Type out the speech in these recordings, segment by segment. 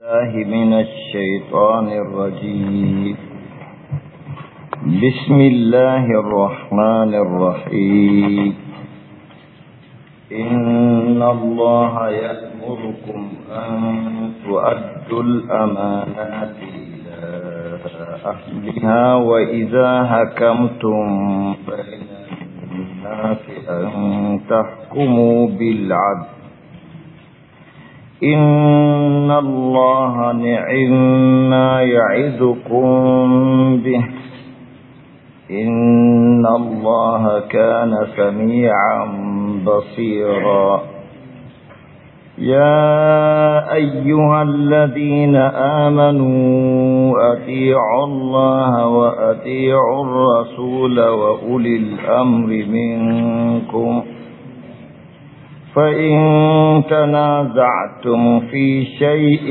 الله من الشيطان الرجيم بسم الله الرحمن الرحيم إن الله يأمركم أن تؤدوا الأمانات إلى أهلها وإذا حكمتم بين الناس أن تحكموا بالعدل إن الله نعما يعزكم به إن الله كان سميعا بصيرا يا أيها الذين آمنوا أتيعوا الله وأتيعوا الرسول وأولي الأمر منكم فإن تنازعتم في شيء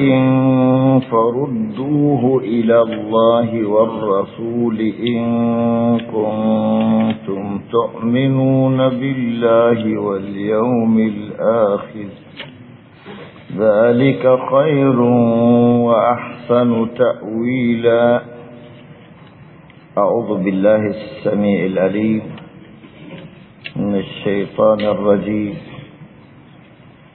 فردوه إلى الله والرسول إن كنتم تؤمنون بالله واليوم الآخر ذلك خير وأحسن تأويلا أعوذ بالله السميع العليم من الشيطان الرجيم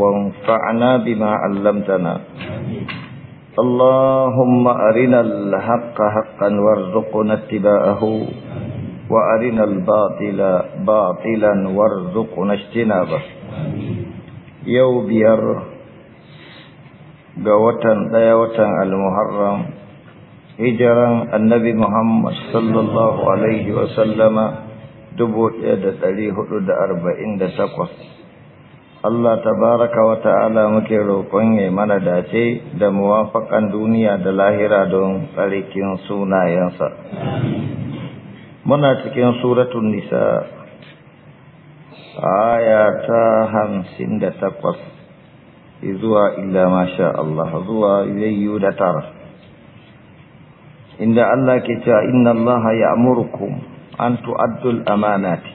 وانفعنا بما علمتنا اللهم أرنا الحق حقا وارزقنا اتباعه وأرنا الباطل باطلا وارزقنا اجتنابه yau biyar ga watan ɗaya watan al-muharram hijiran annabi muhammad sallallahu alaihi wasallama dubu ɗaya da ɗari hudu da arba'in da takwas Allah tabaraka wa ta'ala muke roƙon ya mana dace da muwafaƙan duniya da lahira don tsarikin sunayensa. Muna cikin suratun nisa aya ta hamsin da takwas zuwa illa masha Allah zuwa yayyu da tara. Inda Allah ke cewa inna Allah ya amurku an tu'addul amanati.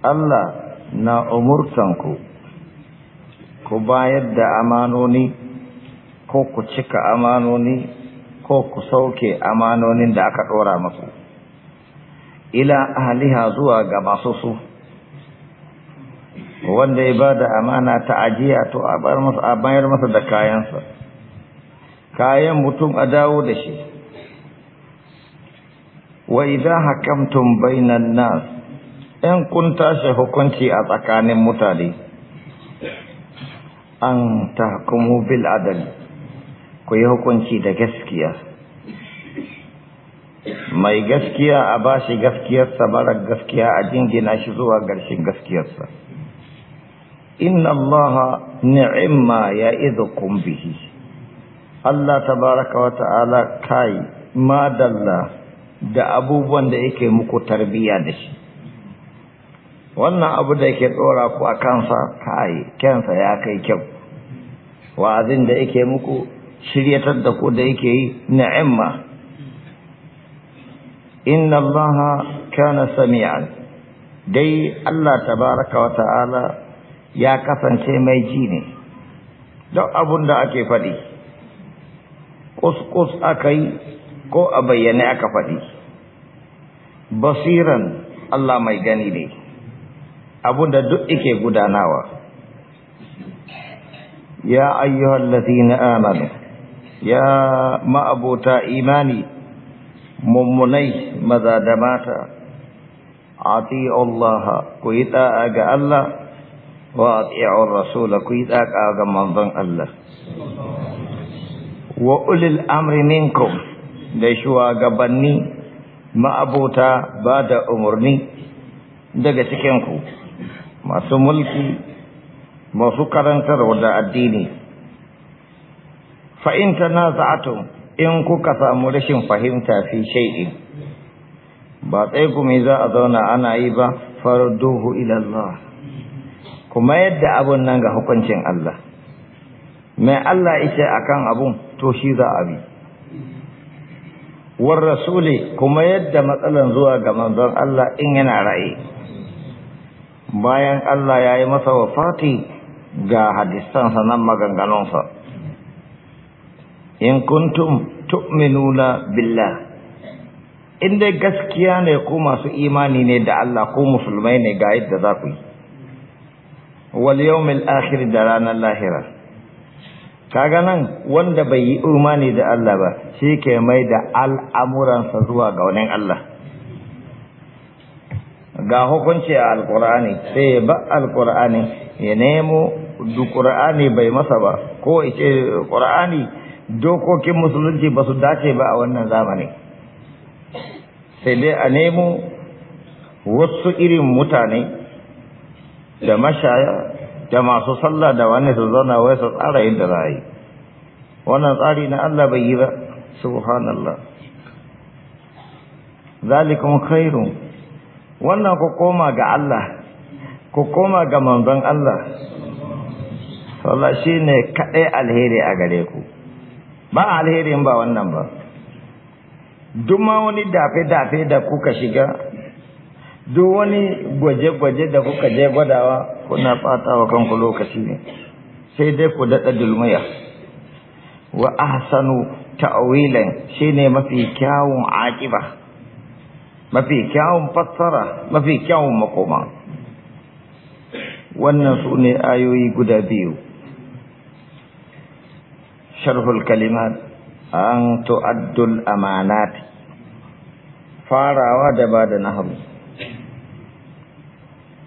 Allah na umurtanku ku bayar da amanoni ko ku cika amanoni ko ku sauke amanonin da aka ɗora maku ila ahliha zuwa ga masu su wanda ya bada amana ta ajiya to a bayar masa da kayansa kayan mutum a dawo da shi wa idza hakamtum bainan nas in kun tashi hukunci a tsakanin mutane an tahkumu bil adali ku yi hukunci da gaskiya mai gaskiya a bashi gaskiyarsa bara gaskiya a jingina shi zuwa garshin gaskiyarsa inna allaha ni'imma ya kun bihi Allah tabaraka wa ta'ala kai madalla da abubuwan da yake muku tarbiya da shi wannan abu da yake tsora ku a kansa kai kyansa ya kai kyau wa'azin da yake muku shiryatar da ku da yake yi ni'imma inna allaha kana sami'an dai Allah tabaraka wa ta'ala ya kasance mai ji ne duk abun da ake faɗi kuskus aka yi ko a bayyane aka faɗi basiran Allah mai gani ne abun da duk yake gudanawa ya ayyuhal ladina amanu ya ma'abota imani mummunai maza da mata ati Allah ku yi ta'a Allah wa ati'ur rasul ku yi ta'a ga manzon Allah wa ulil amri minkum da shugabanni ma'abota ba da umarni daga cikin ku masu mulki masu karantarwa da addini fa'in na na in kuka samu rashin fahimta fi shay'in ba tsaye kuma za a zauna ana yi ba farduhu ilallah kuma yadda abun nan ga hukuncin Allah mai Allah ishe akan abun to shi za a bi war rasuli kuma yadda matsalan zuwa ga manzon Allah in yana ra'ayi bayan Allah ya yi masa wafati ga hadisan sanan maganganunsa in kuntum tu'minuna billah in dai gaskiya ne ko masu imani ne da Allah ko musulmai ne ga yadda za ku yi wal yawmil akhir da ranar lahira kaga nan wanda bai yi imani da Allah ba shi ke mai da al'amuransa zuwa ga wani Allah ga hukunci a alkur'ani sai ya ba alkur'ani ya nemo qur'ani bai masa ba ko ya ce dokokin musulunci ba su dace ba a wannan zamani sai dai a nemo wasu irin mutane da mashaya da masu sallah da wani su zauna wai su tsara yadda za a wannan tsari na Allah bai yi ba subhanallah zalikum khairun wannan ku koma ga Allah ku koma ga manzon Allah Allah shi ne kaɗai alheri a gare ku ba alheri ba wannan ba duk ma wani dafe-dafe da kuka shiga duk wani gwaje-gwaje da kuka je gwadawa kuna fata wa kanku lokaci ne sai dai ku daɗa dulmiya wa ahsanu ta'wilan shine mafi kyawun aƙiba mafi kyawun fassara mafi kyawun makoma wannan su ne ayoyi guda biyu sharhul kalimat an tu'addul amanat farawa da ba da nahabu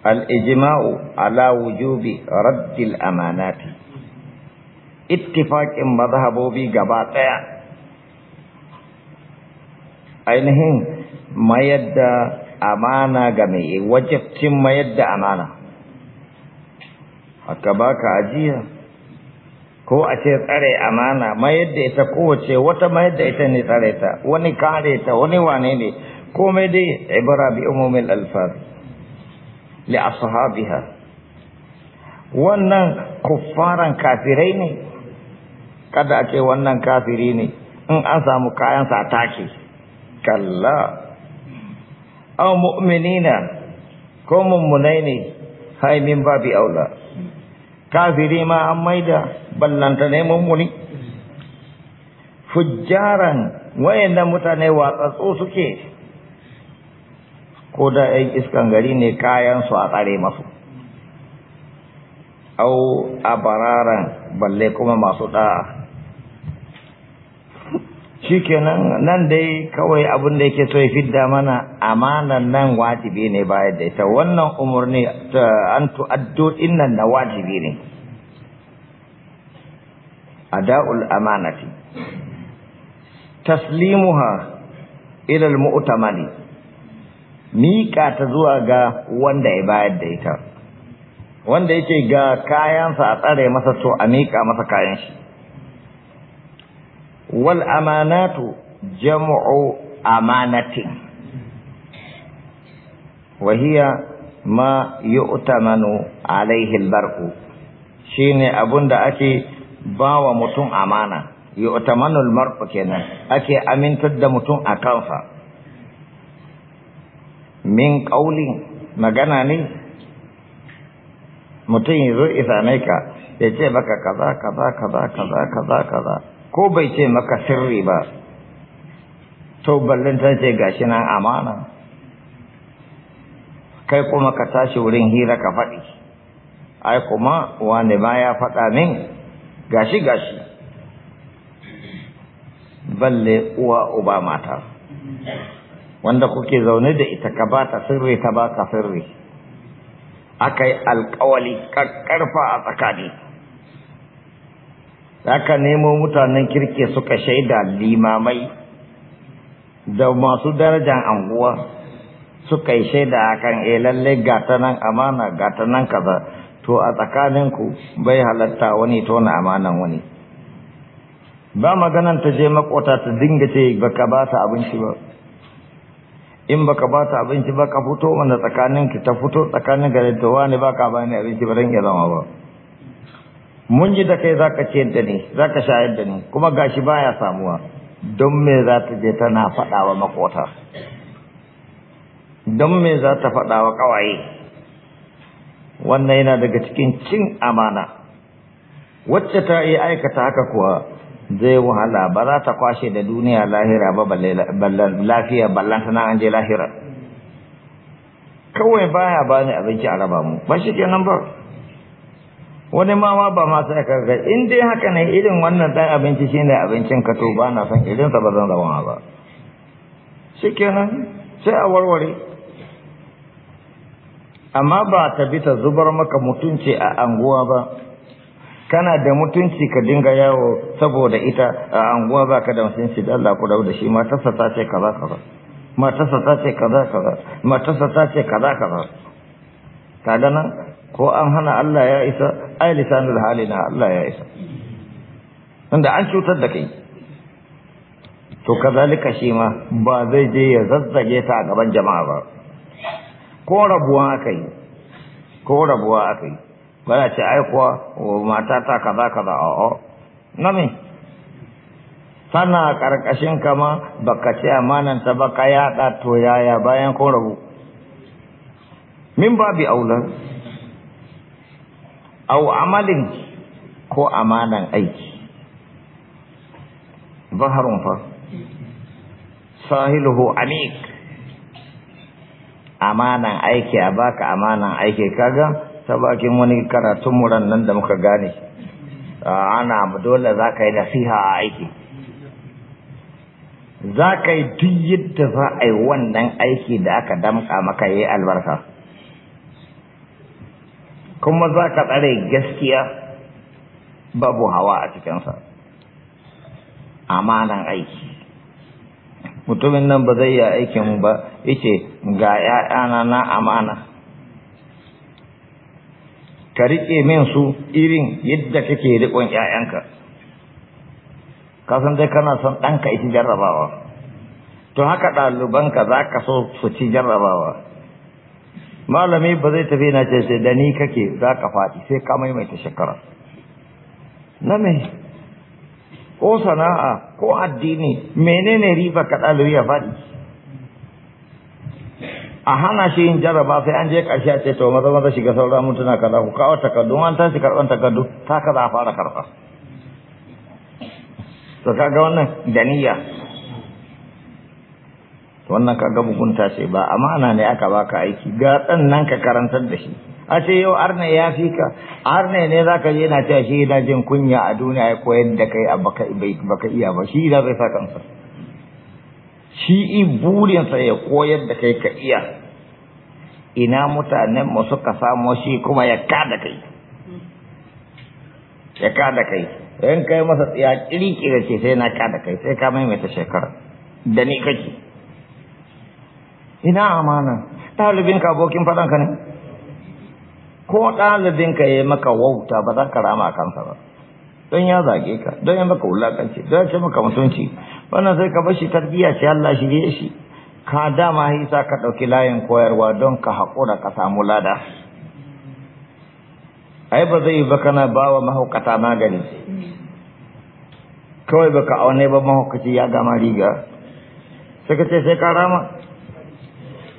al-ijma'u ala wujubi raddil amanati ittifaqin mazhabobi gaba ainihin mayar da amana ga mai wajabcin mayar da amana haka ba ka ajiya ko a ce tsare amana mayar da ita kowace wata mayar da ita ne tsare ta wani kare ta wani wane ne komai dai ibara bi umumin alfar li ashabiha wannan kuffaran kafirai ne kada a ce wannan kafiri ne in an samu kayansa a take kalla aw mu'minina ko mummunai ne hai min babi aula kafiri ma an maida ballanta ne mummuni fujjaran wayanda mutane watsatsu suke ko da ai iskan gari ne kayan su a tsare masu au abararan balle kuma masu ɗa'a shikenan nan dai kawai abin da yake so ya fidda mana amanan nan wajibi ne bayar da ita wannan umarni ta an tu'addo innan na wajibi ne a da'ul amanati taslimuha ila al-mu'tamani mika ta zuwa ga wanda ya bayar da ita wanda yake ga kayansa a tsare masa to a mika masa kayan shi wal amanatu jam'u amanatin wa hiya ma yu'tamanu alaihi albarku shine abunda ake bawa mutum amana yu'tamanu marku kenan ake amintar da mutum a kansa min qauli magana ne mutum yazo isanai ka ya ce baka kaza kaza kaza kaza kaza kaza ko bai ce maka sirri ba to ta ce gashi nan amana kai kuma ka tashi wurin hira ka faɗi ai kuma wani ba ya faɗa min gashi gashi balle uwa uba mata wanda kuke zaune da ita ka ba ta sirri ta ba ka sirri aka yi alkawali ƙarfa a tsakani aka nemo mutanen kirke suka shaida limamai da masu darajar anguwa suka yi shaida akan kan eh, lalle gata nan amana gata nan kaza to a tsakaninku bai halatta wani tona amanan wani ba maganan ta je makota ta dinga ce baka ba ta abinci ba in baka ba ta abinci ba ka fito wanda tsakaninki ta fito tsakanin garin to wani baka ba ni abinci ba rin iya zama ba mun ji da kai za ka ciyar da ni za ka shayar da ni kuma gashi baya samuwa don me za ta je tana faɗa makota don me za ta faɗa wa ƙawaye wannan yana daga cikin cin amana wacce ta yi aikata haka kuwa zai wahala ba za ta kwashe da duniya lahira ba lafiya ballan tana an je lahira kawai baya bani abinci a raba mu ba shi nan ba wani ma ma ba masu aka ga in dai haka ne irin wannan ɗan abinci shi ne abincin ka to ba na son sa ba zan zama ba shi kenan sai a warware amma ba ta bi ta zubar maka mutunci a anguwa ba kana da mutunci ka dinga yawo saboda ita a anguwa ba ka da mutunci da Allah ku dau da shi matarsa ta ce kaza kaza matarsa ta ce kaza kaza matarsa ta ce kaza kaza kaga nan ko an hana Allah ya isa ai lisanul halina Allah ya isa tunda an cutar da kai to kazalika shi ma ba zai je ya zazzage ta a gaban jama'a ba ko rabuwa aka ko rabuwa akai bana ce ai kuwa oh, mata ta kaza kaza a'a na me tana karkashin kama baka ce amananta ba ka yada to yaya bayan ko rabu min babi aula au amalin ko amanan aiki zaharun fa sahiluhu amik amanan aiki a baka amanan aiki kaga ta bakin wani karatun muran nan da muka gane ana dole za ka yi nasiha a aiki za ka yi duk yadda za a yi wannan aiki da aka damka maka yi albarka kuma za ka tsare gaskiya babu hawa a cikinsa amanan aiki mutumin nan ba zai yi aikin ba yake ga ‘ya'yana na amana ka riƙe min su irin yadda kake riƙon ‘ya'yanka kasan dai kana son ɗanka ita jarrabawa to haka ɗalibanka za ka so su ci jarrabawa malami ba zai tafi na ce sai da ni kake za ka faɗi sai ka maimaita shekara na me ko sana'a ko addini menene riba ka ɗalibi ya faɗi a hana shi yin jaraba sai an je ƙarshe a ce to maza maza shiga sauran mutuna kaza ku kawo takardu an tashi karɓar takardu ta za a fara karɓa to kaga wannan da niyya wannan ka ga mugunta ce ba amana ne aka baka aiki ga dan nan ka karantar da shi a ce yau arne ya fi ka arne ne za ka je na ce shi yana jin kunya a duniya ya koyar da kai a baka iya ba shi da zai sa kansa shi i burinsa ya koyar da kai ka iya ina mutanen mu suka samo shi kuma ya kada kai ya kada kai in kai masa tsaya kirkira ce sai na kada kai sai ka maimaita shekara da ni kake ina amana ɗalibinka abokin ka ne ko ɗalibinka ya yi maka wauta ba za ka rama a kansa ba don ya zage ka don ya maka wulakanci don ya ce maka mutunci wannan sai ka bashi tarbiyya shi Allah shige shi ka dama hisa ka ɗauki layin koyarwa don ka haƙura ka samu lada ai ba zai ba kana ba wa mahaukata magani kawai baka aune ba mahaukaci ya gama riga sai ka ce sai ka rama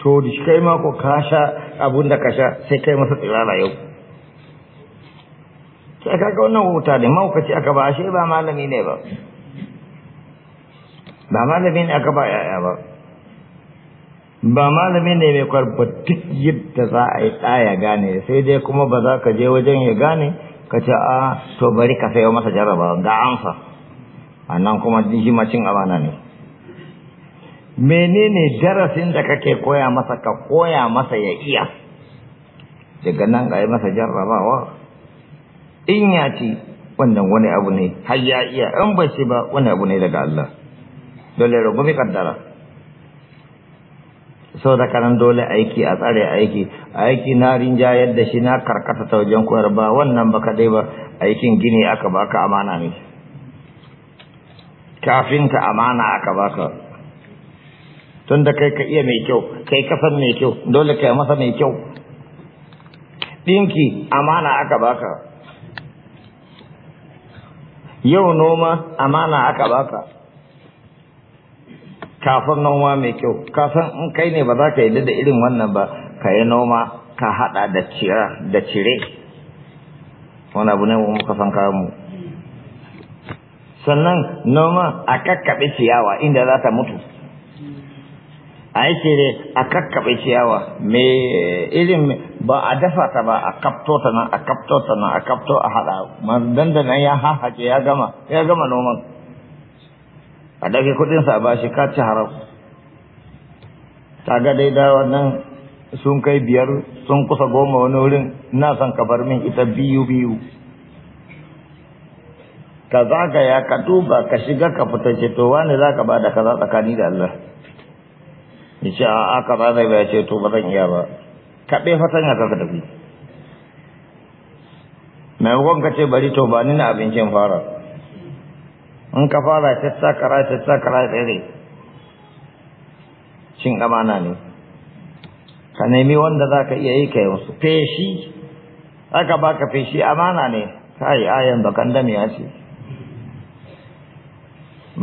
to da shi kai mako ka sha abun da ka sha sai kai masa tsirara yau sai ka ga wannan wuta ne maukaci aka ba shi ba malami ne ba ba malami ne aka ba yaya ba ba malami ne mai kwarba duk yadda za a yi tsaya gane sai dai kuma ba za ka je wajen ya gane ka ce a to bari ka sayo masa jarrabawa ga amsa nan kuma dijimacin abana ne menene darasin da kake koya masa ka koya masa ya iya daga nan ga masa jarrabawa in ya ci wannan wani abu ne har ya iya in ba shi ba wani abu ne daga Allah dole rugumi kaddara sau da kanan dole aiki a tsare aiki aiki na rinja yadda shi na karkata ta wajen koyar ba wannan ba kadai ba aikin gini aka baka amana ne kafinta amana aka baka tun da kai ka iya mai kyau kai kasan mai kyau dole kai masa mai kyau ɗinki amana aka baka yau noma amana aka baka kafin noma mai kyau kasan in kai ne ba za ka yi da irin wannan ba ka yi noma ka haɗa da cire da cire wani abu ne mu muka san mu sannan noma a kakkaɓe ciyawa inda za ta mutu a yake ne a kakkaɓe ciyawa me irin ba a dafa ta ba a kafto ta nan a kafto ta nan a kafto a haɗa nan ya hahace ya gama ya gama noman a dage sa ba shi ka ci haram ta ga dai da wannan sun kai biyar sun kusa goma wani wurin na san ka bar min ita biyu biyu ka ya ka duba ka shiga ka fita ce to wani za ka ba da kaza tsakani da Allah ya ce a aka zane ba ya ce to ba zan iya ba kaɓe fatanya ka tafi maimakon ka ce bari to ba ni na abincin fara in ka fara ta sakara ta sakara tsere cin amana ne ka nemi wanda za ka iya yi ka yi wasu feshi aka ka feshi amana ne yi ayan bakan damiya ce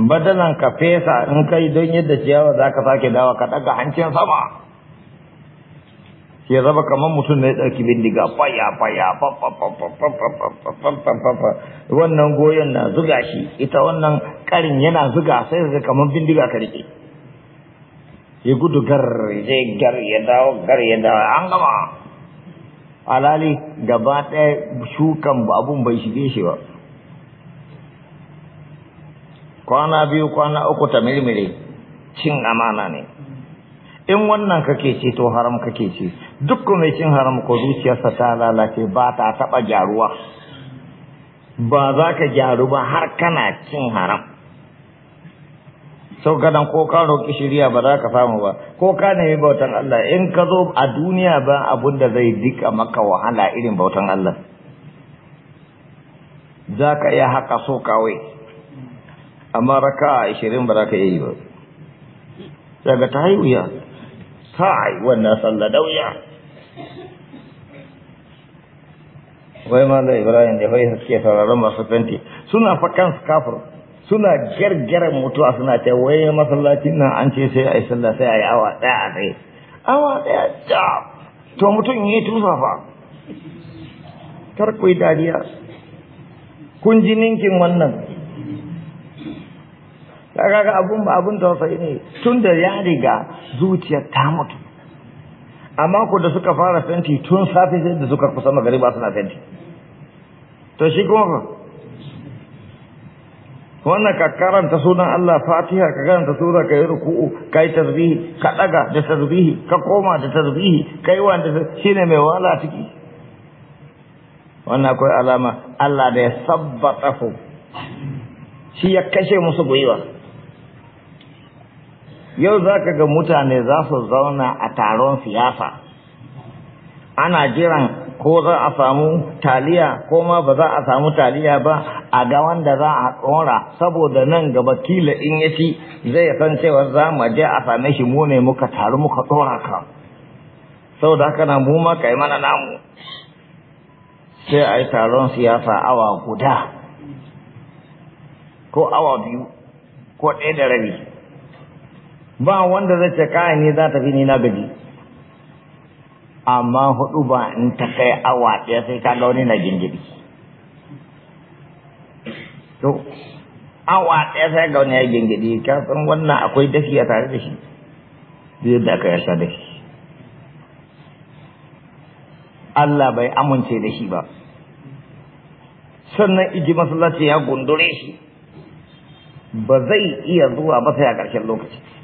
badalan ka fesa in kai don yadda ciyawa za ka sake dawa ka daga hancin sama ya zaba kamar mutum na ya ɗauki bindiga faya faya wannan goyon na ita wannan yana zuga bindiga ya gudu gaba ɗaya shukan abun bai shige shi ba kwana biyu kwana uku ta mirmiri cin amana ne in wannan kake ci to haram kake ce duk mai cin haram ko zuciyarsa ta lalace ba ta taɓa gyaruwa ba za ka gyaru ba har kana cin haram sau kadan ko ka roƙi shirya ba za ka samu ba ko ka nemi bautan Allah in ka zo a duniya ba abun da zai dika maka wahala irin bautan Allah za ka iya haka so kawai amma raka ishirin ba za ka yi ba daga ta haihuya kai wannan sallah dauya wai mala ibrahim da wai haske sauraron masu fenti suna fakan kafir suna gargara mutuwa suna ta wai masallacin nan an ce sai a yi sallah sai a yi awa daya a tsaye awa daya ta to mutum yi tusa fa kar dariya kun ji ninkin wannan kaga abun ba abun tausayi ne tun da ya riga zuciyar ta mutu amma ko da suka fara fenti tun safe sai da suka kusa ba suna fenti to shi kuma fa wannan ka karanta sunan Allah Fatiha ka karanta sura ka ruku'u kai yi ka daga da tarbihi ka koma da tarbihi ka wanda shine mai wala ciki wannan akwai alama Allah da ya sabbata ku shi ya kashe musu gwiwa yau za ka ga mutane za su zauna a taron siyasa ana jiran ko za a samu taliya ko ma ba za a samu taliya ba a ga wanda za a tsora saboda nan gaba kila in ya ci zai san cewa za mu je a same shi mu ne muka taru muka tsora ka saboda haka na mu ma kai mana namu sai a yi taron siyasa awa guda ko awa biyu ko ɗaya da rabi ba wanda zai ce kayan ne za ta fi ni na gaji amma hudu ba in ta kai awa ɗaya sai ka ga wani na gingiri to awa ɗaya sai ga wani ya gingiri ka san wannan akwai dafi a tare da shi zai yadda aka yarda da shi Allah bai amince da shi ba sannan iji masallaci ya gundure shi ba zai iya zuwa ba sai a ƙarshen lokaci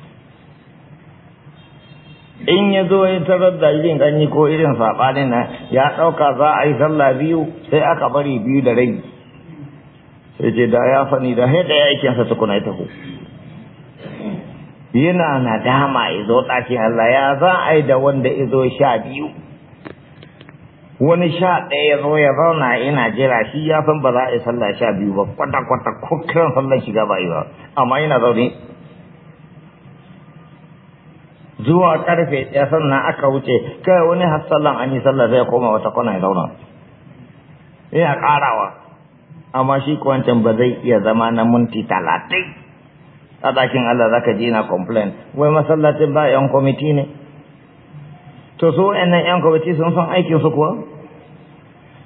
in ya zo ya tarar da irin ganyi ko irin saɓanin nan ya ɗauka za a yi sallah biyu sai aka bari biyu da rai sai ce da ya fani da haida ya aikinsa tukuna ya taho yana nadama ya zo ɗakin Allah ya za a yi da wanda ya zo sha biyu wani sha ɗaya ya zo ya zauna ina jira shi ya san ba za a yi sallah sha biyu ba kwata-kwata ko kiran sallah shiga ba yi ba amma yana zaune zuwa karfe ɗaya sannan aka wuce kai wani hasalan an yi sallah zai koma wata kwana ya zauna ya karawa amma shi kwancan ba zai iya zama na minti talatin a dakin Allah zaka ji na complain wai masallacin ba yan kwamiti ne to so wa'annan yan kwamiti sun san aikin su kuwa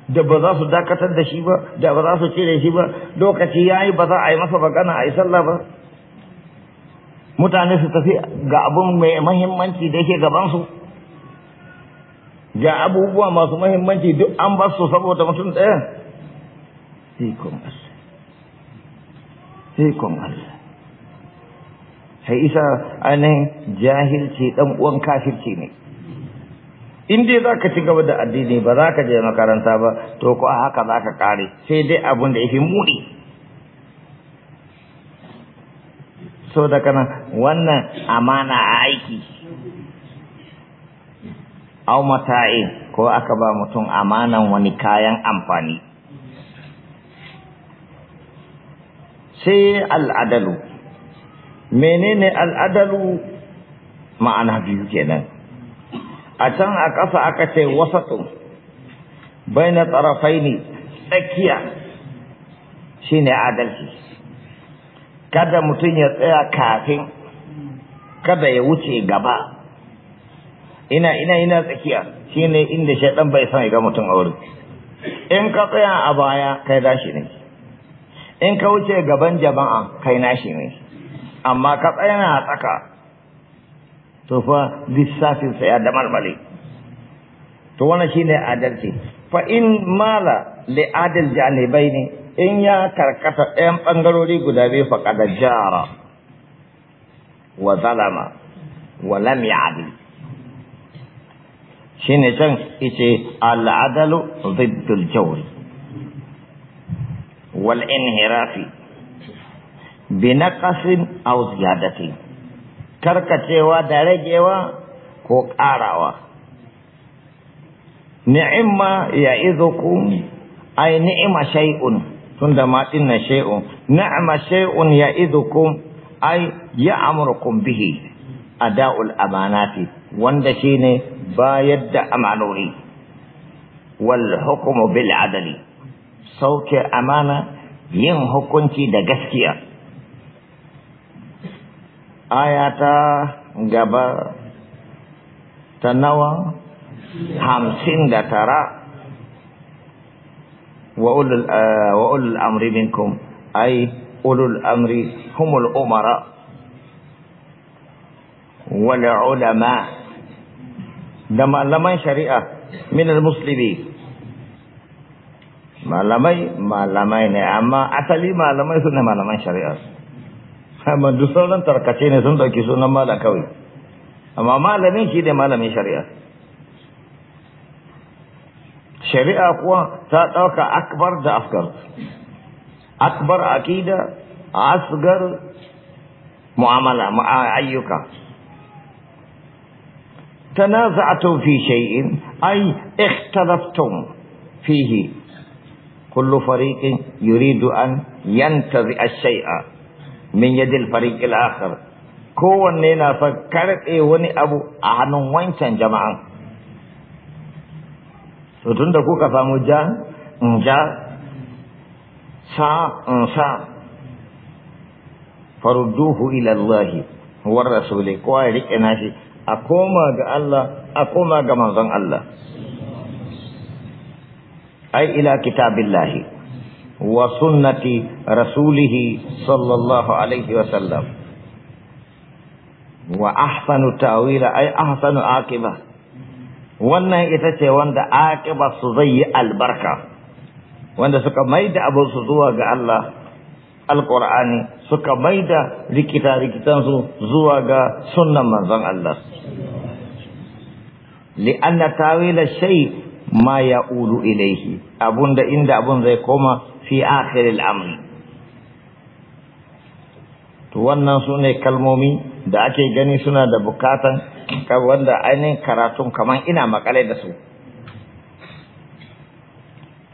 da ba za su dakatar da shi ba da ba za su cire shi ba lokaci yayi ba za a yi masa magana a yi sallah ba mutane su tafi ga abun mai mahimmanci da yake gabansu ga abubuwa masu mahimmanci duk an ba su saboda mutum ɗaya ikon Allah ikon Allah sai isa ainihin jahilci ɗan uwan kafirci ne in dai za ka ci gaba da addini ba za ka je makaranta ba to ko haka za ka kare sai dai abun da yake muni so da kana wannan amana a aiki au mata'in ko aka ba mutum amanan wani kayan amfani sai al'adalu menene al'adalu ma'ana biyu kenan a can a ƙasa aka ce wasatun bai na tsarafai ne tsakiya shi ne adalci kada mutum ya tsaya kafin kada ya wuce gaba ina ina ina tsakiya shine inda shaɗan bai san ga mutum aure in ka tsaya a baya kai dashi ne in ka wuce gaban jama'a kai nashi ne amma ka tsaya na tsaka to fa lissafin sa ya da malmale to wannan shine adalci fa in mala li adil janibaini in ya karkata ɗayan ɓangarori guda biyu faƙada jara wa zalama wa lam shi ne can ice al'adalu ziddul jawri wal inhirafi bi naqasin aw ziyadati karkacewa da ragewa ko ƙarawa ni'imma ya'izukum ay ni'ima shai'un. tunda ma dinna shay'un ni'ma shay'un ya'idukum ay ya'murukum bihi da'ul amanati wanda shine bayar da amanori wal hukmu bil adali sauke amana yin hukunci da gaskiya ayata gaba ta nawa hamsin da tara Eh, wa ulul amri minkum ay ulul amri humul umara wal ulama da malamai shari'a min muslimi malamai malamai ne amma asali malamai suna malaman shari'a amma duk sauran tarkace ne sun dauki sunan mala kawai amma malamin shi ne malamin shari'a شريعة قوة تاتوك أكبر دا أفكار أكبر أكيدة أصغر معاملة مع أيك تنازعتم في شيء أي اختلفتم فيه كل فريق يريد أن ينتزع الشيء من يد الفريق الآخر كون لنا فكرت إيه وني أبو أهن جماعة to tun da kuka famu ja in mm, sa in mm, sa farudduhu ila Allah wa rasuli ko ya rike nashi a koma ga Allah a koma ga manzon Allah ai ila kitabillah wa sunnati rasulih sallallahu alaihi wa sallam wa ahsanu ta'wila ai ahsanu aqibah wannan ita ce wanda akibar su zai yi albarka wanda suka maida abin su zuwa ga Allah alqur'ani suka maida rikita rikitan su zuwa ga sunan manzon Allah li'anna tawila shai. ma ulu ilaihi. abunda inda abun zai koma fi akhiril amri to wannan sune kalmomi da ake gani suna da bukatan wanda ainihin karatun kamar ina makale da su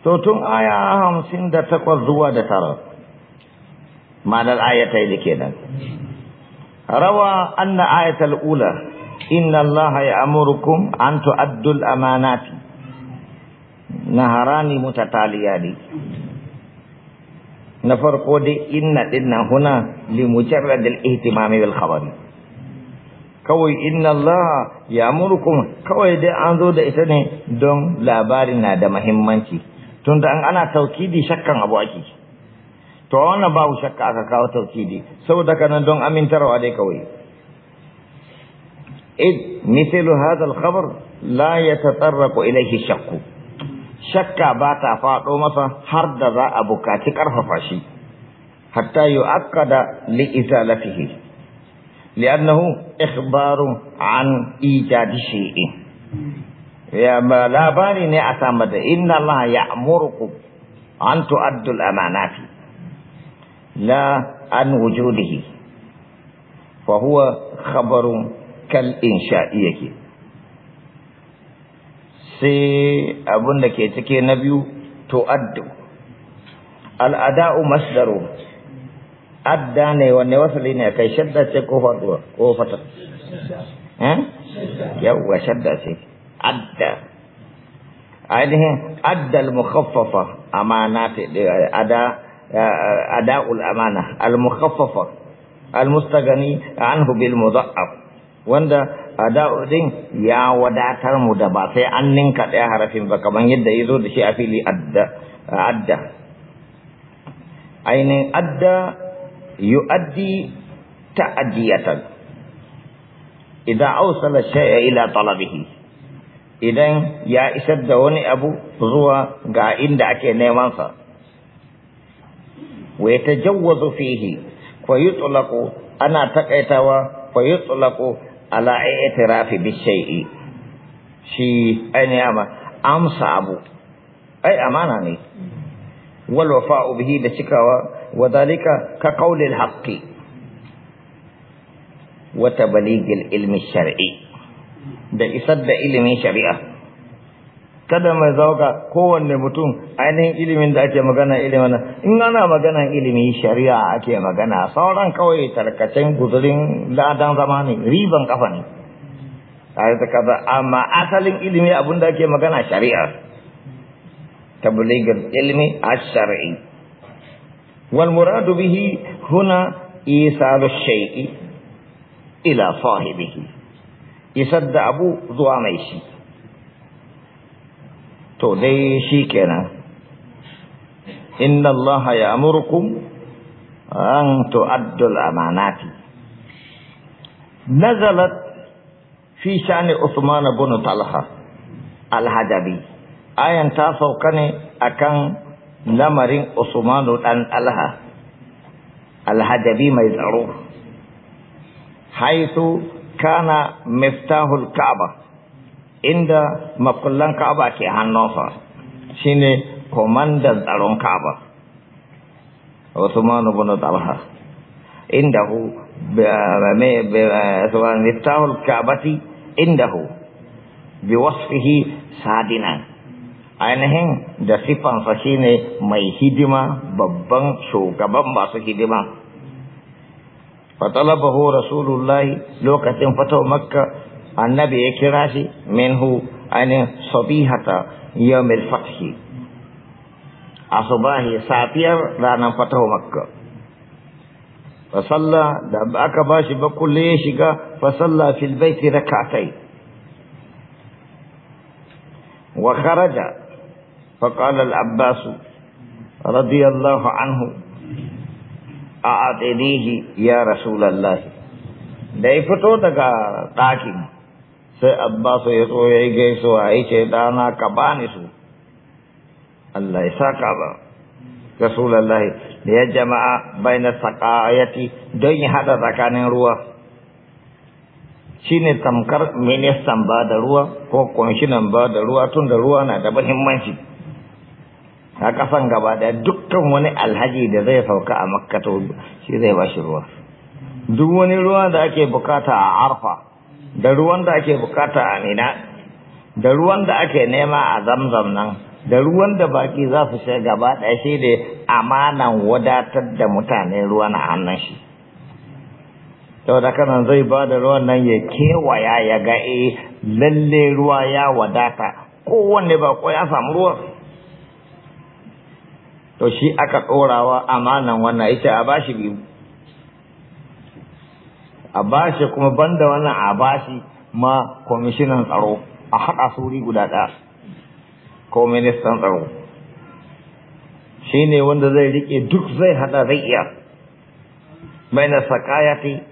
to tun aya hamsin da takwas zuwa da tara ma'anar ayatai da kenan rawa anna ayatul ula inna allaha ya'murukum an amanati al-amanati naharani mutataliyani na farko dai inna dinna huna li mujarrad ihtimami bil khabari kawai inna Allah ya murkum kawai dai an zo da ita ne don labarin na da mahimmanci tun da ana taukidi shakkan abu ake to wannan babu shakka aka kawo taukidi saboda kana don amintarwa dai kawai id mithlu hadha al-khabar la yatatarraqu ilayhi shakku shakka ba ta faɗo masa har da za a bukaci karfafa shi hatta yu'akkada li izalatihi لأنه إخبار عن إيجاد شيء يا لا بالي نعتمد إن الله يأمركم أن تؤدوا الأمانات لا عن وجوده فهو خبر كالإنشاء يكي سي أبنك يتكي نبي تؤدوا الأداء مصدر adda ne wanne wasali ne kai shadda ce ko faduwa ko fata eh yawa shadda ce adda ainihin adda al-mukhaffafa amana ada ada al-amana al-mukhaffafa al-mustaghni anhu bil mudha'af wanda ada'u din ya wadatar mu da ba sai an ninka ɗaya harafin ba kamar yadda ya zo da shi a fili adda adda ainihin adda yu'addi ta'adiyatan idan awsala shay'a ila talabihi idan ya isar da wani abu zuwa ga inda ake neman sa wa yatajawwazu fihi wa yutlaqu ana takaitawa wa yutlaqu ala i'tirafi bi shay'i shi aini amsa abu ai amana ne wal wafa'u bihi da cikawa وذلك كقول الحق وتبليغ العلم الشرعي da isar da ilimin shari'a kada mai zauka kowanne mutum ainihin ilimin da ake magana ilimin in ana magana ilimin shari'a ake magana sauran kawai tarkacen guzurin ladan zama ne riban kafa ne tare da kaza amma asalin ilimi abinda ake magana shari'a tabligh ilmi a shari'a والمراد به هنا إيصال الشيء إلى صاحبه يسد أبو ضواميشي تو دي إن الله يأمركم أن تؤدوا الأمانات نزلت في شأن عثمان بن طلحة الهدبي آية تافوقني كان أكان lamarin usmanu dan talha alhajabi mai tsaro haitu kana miftahul ka'aba inda makullan ka'aba ke hannunsa shine komandan tsaron ka'aba usmanu bin talha indahu miftahul ka'abati indahu biwasfihi sadinan ainihin da siffansa shine mai hidima babban shugaban masu hidima fatalabahu rasulullahi lokacin fatawa makka annabi ya kira shi minhu ainihin sabihata yawmil fathi asubahi safiyar ranar fatawa makka fasalla da aka ba bashi bakulle ya shiga fasalla fil da rakatai wa kharaja فقال العباس رضي الله عنه أعطنيه يا رسول الله da ya fito daga ɗakin sai abbasu ya so ya yi gaisuwa ya ce dana ka bani su Allah ya saka ba rasulallah da ya jama'a bai na saƙayati don ya haɗa tsakanin ruwa shine tamkar ministan ba da ruwa ko kwamishinan ba da ruwa tun da ruwa na da muhimmanci. a kasan gaba da dukkan wani alhaji da zai sauka a makka to shi zai bashi ruwa duk wani ruwa da ake bukata a arfa da ruwan da ake bukata a mina da ruwan da ake nema a zamzam nan da ruwan da baki za su shi gaba ɗaya shi da amanan wadatar da mutane ruwa na hannun shi sau da kanan zai ba da ruwan nan ya kewaya ya ga e lalle ruwa ya wadata kowanne ba ko ya samu ruwa to shi aka ɗorawa amanan wannan ita a bashi biyu a bashi kuma banda wannan a bashi ma kwamishinan tsaro a haɗa suri guda ɗaya ko ministan tsaro shi ne wanda zai riƙe duk zai haɗa zai iya Mai na sakayati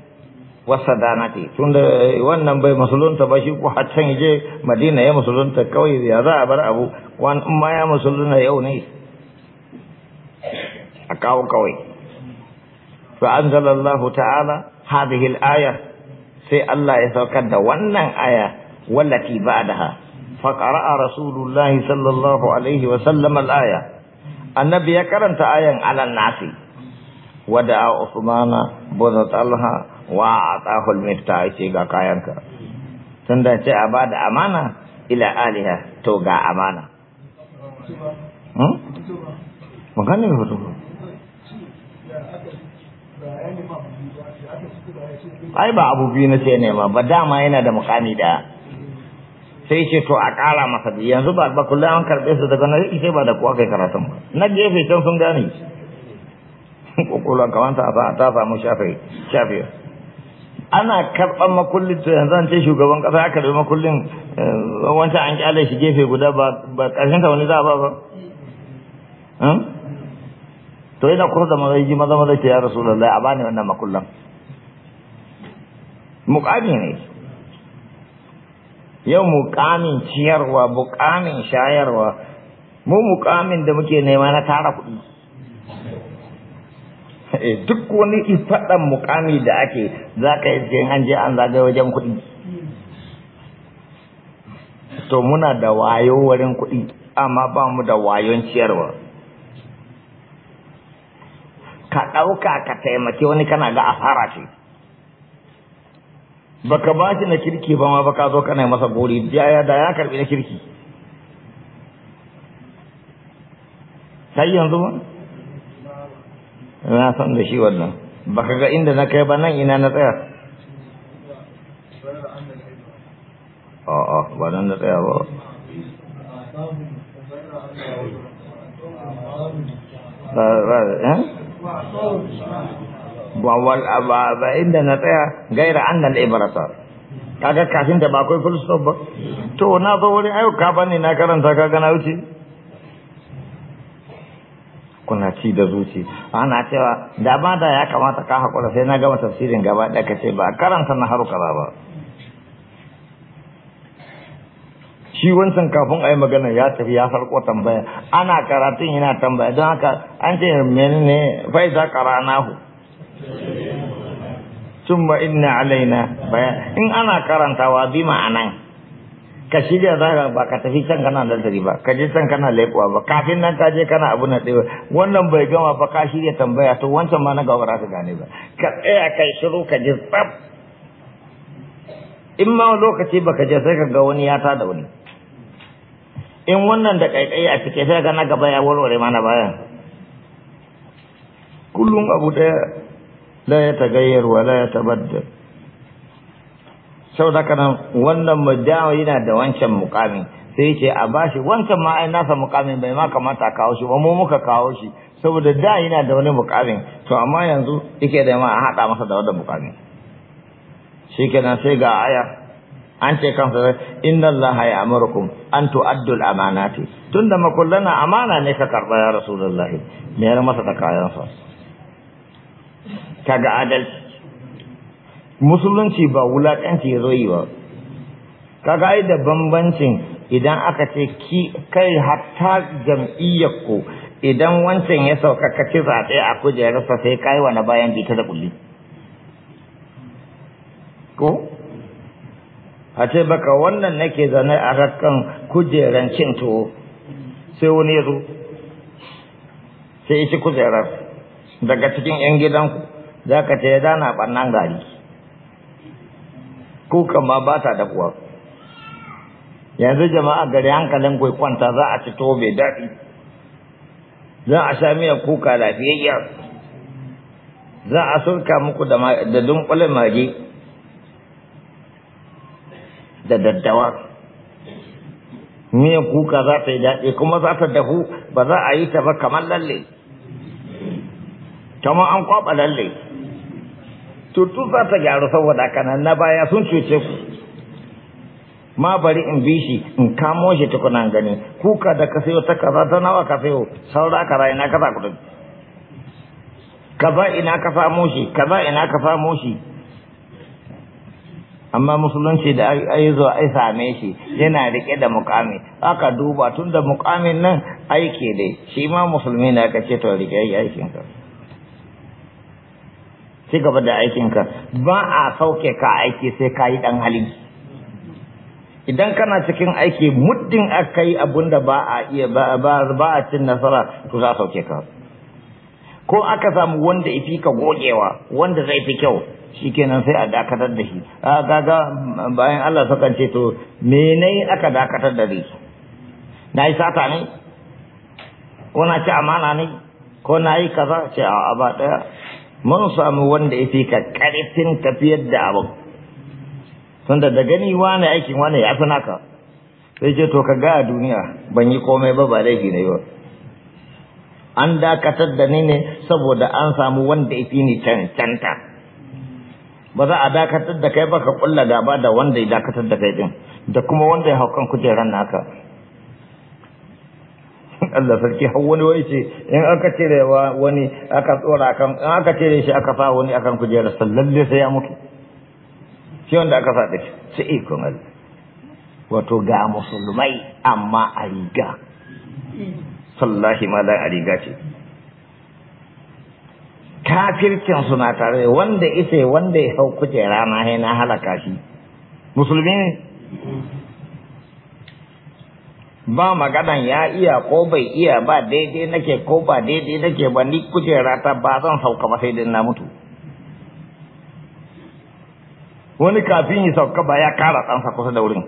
wasa danati tun da wannan bai musulunta ba shi ko haccan je madina ya musulunta kawai ya za a bar abu wani in ma ya musulunta yau ne kawo kawai fa ta'ala hadhihi aya sai Allah ya saukar da wannan aya wallati ba'daha fa qara'a annabi ya karanta ayan alan nasi wada'a usmana bin talha wa atahu al-miftah a ai ba abu biyu na ce nema ba dama yana da mukami da. sai ce to a ƙara masa biyu yanzu ba ba kullum an karɓe su daga nan sai ba da kuwa kai karatun ba na gefe can sun gane kokolon kamanta a ta samu shafe shafe ana karɓar makullin to yanzu an ce shugaban kasa ya karɓi makullin eh, wancan an ƙyale shi gefe guda ba karshen ta wani za a ba ba hmm? to ina kurda mazaji maza maza ce ya rasu lallai a bani wannan makullan mukami ne yau mukamin ciyarwa mukamin shayarwa mu mukamin da muke nema na tara kuɗi eh, duk wani ifaɗan mukami da ake za ka yi an je an zagaye wajen kuɗi to muna da wayo wurin kuɗi amma ba mu da wayon ciyarwa ka ɗauka ka taimaki wani kana ga asara ce baka ba shi na kirki ba ma baka zo kana masa gori ya da ya karbi na kirki sai yanzu ba na san da shi wannan baka ga inda na kai ba nan ina na tsaya a'a ba nan na tsaya ba ba ba eh ba inda na tsaya gaira nan ibrata kaga kafin da ba akwai ba to na zo ayo ka bane na karanta kaga na wuce kuna ci da zuci ana ah, cewa ah. da ba da ya kamata ka hakura sai na gama tafsirin gaba ɗaya ka ce ba karanta na haruka ba shi wancan kafin a yi magana ya tafi ya farko tambaya ana karatun yana tambaya don haka an ce menene faiza karanahu summa inna alaina bayan in ana wa bi ma'anan ka shirya za ka ba ka tafi can kana lantari ba ka je can kana laifuwa ba kafin nan ka je kana abu na tsaye wannan bai gama ba ka shirya tambaya to wancan ma na gaba ba ka gane ba ka eh, tsaya kai shiru ka je tsab in ma lokaci ba ka je sai ka ga wani ya da wani in wannan da kaikai a cike sai ga na gaba ya warware mana bayan kullum abu daya la ya tagayyar wa la ya tabaddal saboda kana wannan mujawa yana da wancan mukamin sai yace a bashi wancan ma ai nasa mukamin bai ma kamata a kawo shi ba mu muka kawo shi saboda da yana da wani mukamin to amma yanzu yake da ma a haɗa masa da wannan mukamin kenan sai ga aya an ce kansa inna allaha ya'murukum an tu'addu al-amanati tunda makullana amana ne ka karba ya rasulullahi me ya masa da kayansa kaga adalci musulunci ba wulakanci ya zo yi ba kaga ai da bambancin idan aka ce ki kai hatta jam'iyyar ku idan wancan ya sauka ka ci zaɓe a kujerarsa sai kai wani bayan bita da kulli ko a ce baka wannan nake zane a rakan kujerancin cin tuwo sai wani ya zo sai ya ci kujerar daga cikin 'yan gidanku za ka ce na ɓannan gari kukan ma ba ta dakuwa yanzu jama'a gari hankalin kwai kwanta za a ci tobe daɗi za a sha miyar kuka lafiyayya za a surka muku da dunkulin mage da daddawa miyan kuka za ta yi daɗi kuma za ta dahu ba za a yi ta ba kamar lalle kama an kwaba lalle tutu za ta gyaru saboda kanan na baya sun cuce ku ma bari in bi shi in kamo shi tukunan gani kuka da ka sayo ta kaza ta nawa ka sayo saura kaza ina ka sa kudin kaza ina ka samu shi kaza ina ka samu shi amma musulunci da ai zo ai same shi yana rike da mukami aka duba tun da mukamin nan aiki dai shi ma musulmi ne aka ce to rike aikin ka ci gaba da aikinka ba a sauke ka aiki sai ka yi ɗan hali idan kana cikin aiki muddin aka yi abun da ba a iya ba a cin nasara to za a sauke ka ko aka samu wanda ifi ka gogewa wanda zai fi kyau shikenan sai a dakatar da shi a gaga bayan Allah sukan ce to menai aka dakatar da shi na yi sata ne ko na ci amana ne ko na yi kaza ce a ba daya mun samu wanda ya fi ka ƙarfin tafiyar da abin tunda da gani wane aikin wane ya fi naka sai ce to ka ga a duniya ban yi komai ba ba laifi ne ba an dakatar da ni ne saboda an samu wanda ya fi ni cancanta ba za a dakatar da kai ba ka kulla gaba da wanda ya dakatar da kai din da kuma wanda ya haukan kujerar naka Allah sarki har wani wai ce in aka cire wani aka tsora akan in aka cire shi aka sa wani akan kujera sallalle sai ya mutu shi wanda aka sa dace sai ikon Allah wato ga musulmai amma a riga sallahi ma da a riga ce kafircin suna tare wanda ita wanda ya hau kujera na halaka shi musulmi ne ba magana ya iya ko bai iya ba daidai nake ko ba daidai nake ba ni kujera ta ba zan sauka ba sai dai na mutu wani kafin ya sauka ba ya kara ɗansa kusa da wurin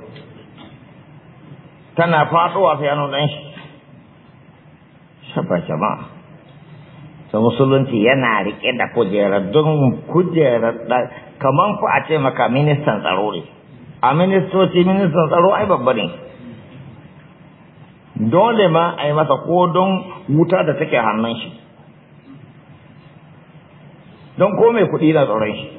tana faɗowa sai ya nuna shi shaba ta musulunci yana rike da kujera don kujera da kaman ku a ce maka ministan tsaro ne a ministoci ministan tsaro ai babba ne dole ma a yi masa ko don wuta da take hannun shi don ko mai kuɗi na tsoron shi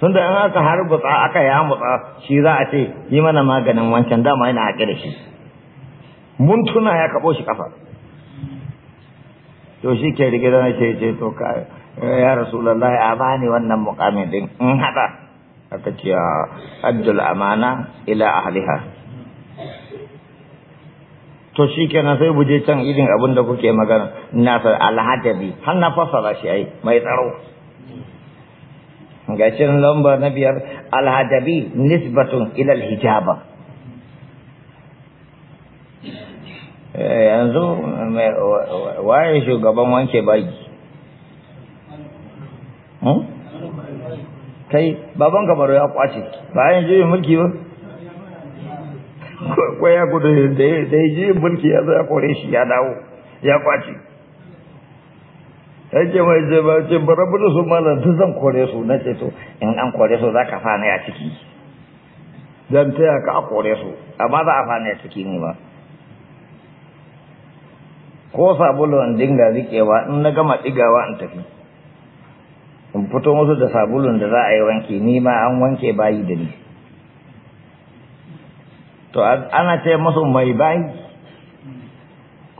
tunda in aka harbutsa aka yamutsa shi za a ce yi mana maganin wancan dama yana haƙe da shi mun tuna ya kaɓo shi ƙafa to shi ke rike da ce ce to ka ya Rasulallah! a bani wannan mukamin din in haɗa aka ce abdul amana ila ahliha to shi kenan sai buje can irin abin da kuke magana na alhajabi har na fasara shi ai mai tsaro gashin lamba na biyar alhajabi nisbatun ilal hijaba eh, yanzu waye shugaban wanke baki hmm? kai baban kamaru ya kwace bayan juyin mulki ba kwaya gudu da ya je mulki ya zai kore shi ya dawo ya kwaci ya ce mai ce ba ce bara bude su ma duk zan kore su na ce to in an kore su za ka fana a ciki zan taya ka a kore su amma za a fana a ciki ne ba ko sabulun dinga rikewa in na gama digawa in tafi in fito musu da sabulun da za a yi wanke ni ma an wanke bayi da ni to ana ce masu mai bai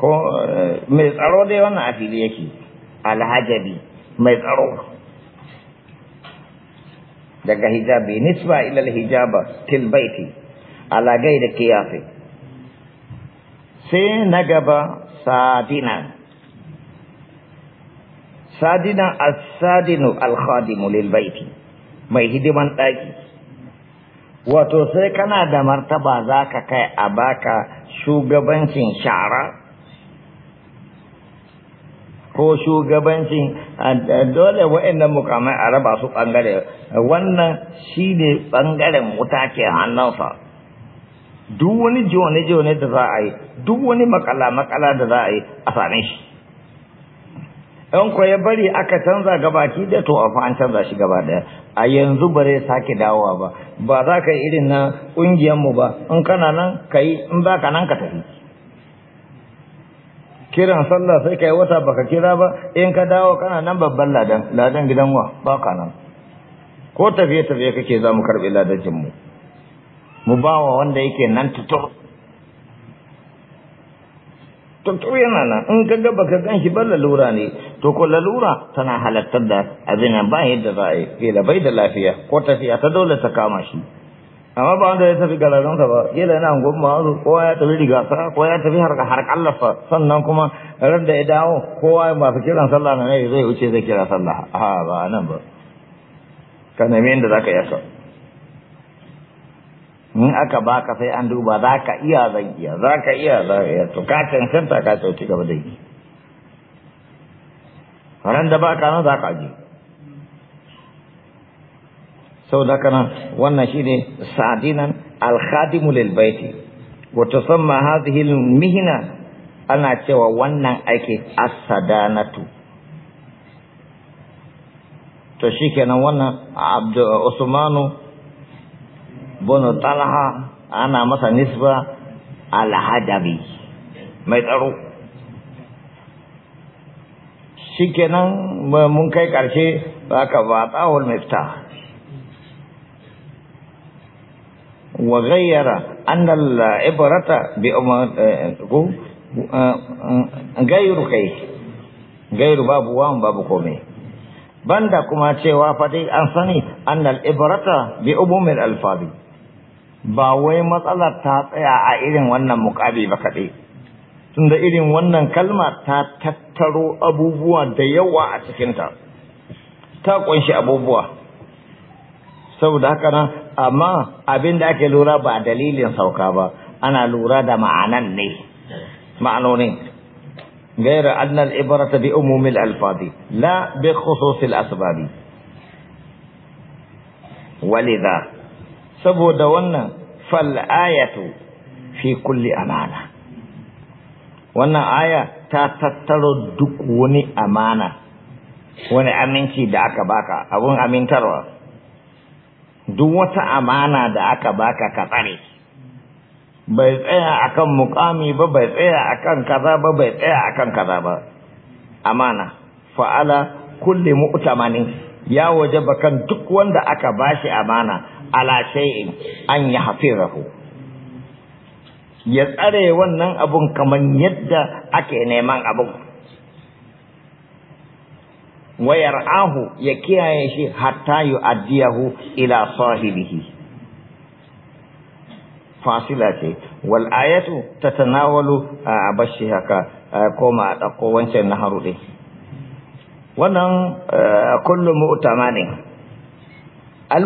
ko eh, mai tsaro dai wannan a fili yake alhajabi mai tsaro daga hijabi nisba ila hijaba til baiti ala gaida kiyafi sai na gaba sadina sadina as-sadinu al-khadimu lil baiti mai hidiman daki wato sai kana da martaba za ka kai a baka shugabancin shara ko shugabancin dole wa'annan mukamai a raba su ɓangare wannan shi ne ɓangaren wuta ke hannunsa duk wani jone-jone da za a yi duk wani makala-makala da za a yi a same shi in ko ya bari aka canza gabaki da to a fa an canza shi gaba daya a yanzu ba zai sake dawowa ba ba za ka yi irin na ƙungiyar mu ba in kana nan ka yi in ba ka nan ka tafi kiran sallah sai ka yi wata baka kira ba in ka dawo kana nan babban ladan ladan gidan wa ba ka nan ko tafiye tafiye kake za mu karɓi ladajin mu mu ba wa wanda yake nan tutur tutur yana nan in ka ga baka gan shi ba lalura ne to ko lalura tana halattar da abin ba yadda za a yi kila bai da lafiya ko tafiya ta dole ta kama shi amma ba wanda ya tafi galarinsa ba kila yana ma wasu ko ya tafi rigasa ko ya tafi har kallafa sannan kuma ran da ya dawo kowa masu kiran sallah na ne zai wuce zai kira sallah a ba nan ba ka nemi yadda za ka yi haka in aka baka sai an duba za ka iya zan iya za ka iya za ka iya to ka cancanta ka cauci gaba da yi ran da ba ka nan za ka aje saboda kana wannan shine sa'dinan al-khadimu lil baiti wa tusamma hadhihi al-mihna ana cewa wannan ake as-sadanatu to shikenan wannan abdu usmanu bin talha ana masa nisba al-hadabi mai tsaro shikenan mun kai karshe aka batsa wal miftah wa ghayyara anna al ibrata bi umar eh, eh, gairu kai gairu babu wan babu komai banda kuma cewa Fadi an sani annal ibrata bi umumil alfazi ba wai matsala ta tsaya a irin wannan muqabi ba kaɗai. tunda irin wannan kalma ta tattaro abubuwa da yawa a cikinta ta ƙunshi abubuwa saboda haka nan amma abin da ake lura ba dalilin sauka ba ana lura da ma'anan ne ma'anonin غير أن العبرة بأموم الألفاظ لا بخصوص الأسباب ولذا سبو دون فالآية في كل أمانة wannan aya ta tattaro duk wani amana wani aminci da aka baka abun amintarwa duk wata amana da aka baka ka tsare bai tsaya akan mukami ba bai tsaya akan kaza ba bai tsaya akan kaza ba amana fa'ala kulli mu'tamanin ya waje kan duk wanda aka bashi amana ala shay'in an yahfirahu ya tsare wannan abun kamar yadda ake neman abun wayar ahu ya kiyaye shi hatta yu addiyahu ila sahibihi fasila ce wal ayatu tatanawalu a bashi haka koma a ɗauko wancan na haruɗe wannan kullum mu'tama ne al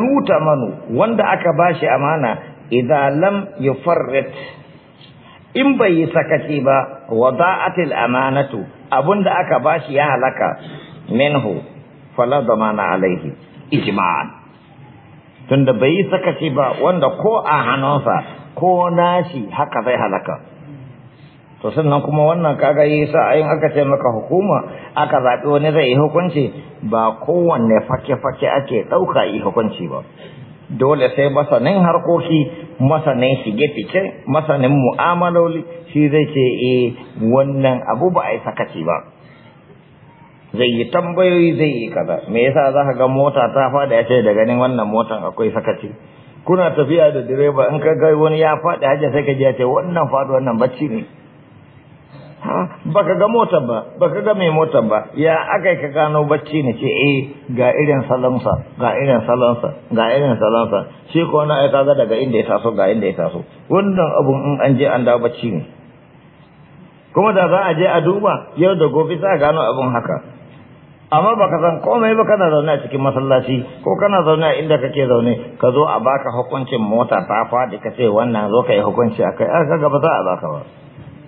wanda aka bashi amana idza lam yufarrit in bai yi sakaci ba wada'atil amanatu da aka ba shi ya halaka minhu fala na alaihi ijma'an tunda bai yi sakaci ba wanda ko a hannunsa ko nashi haka zai halaka to sannan kuma wannan kaga yi sa ayin aka ce maka hukuma aka zaɓi wani zai yi hukunci ba kowanne fake-fake ake ɗauka yi hukunci ba dole sai masanin harkoki masanin shige fice masanin mu'amaloli shi zai ce e wannan abu ba a yi sakaci ba zai yi tambayoyi zai yi kaza me yasa za ka ga mota ta fada ya ce da ganin wannan motan akwai sakaci kuna tafiya da direba in ka ga wani ya fada ya sai ka ji ya ce wannan faɗi wannan bacci ne baka ga motar ba baka ga mai motar ba ya aka ka gano bacci ne ce eh ga irin salansa ga irin salansa ga irin salansa shi ko na ai kaga daga inda ya taso ga inda ya taso wannan abun in an je an dawo bacci ne kuma da za a je a duba yau da gobe za a gano abun haka amma baka san komai ba kana zaune a cikin masallaci ko kana zaune a inda kake zaune ka zo a baka hukuncin mota ta fadi ka ce wannan zo ka yi hukunci a kai aka gaba za a baka ba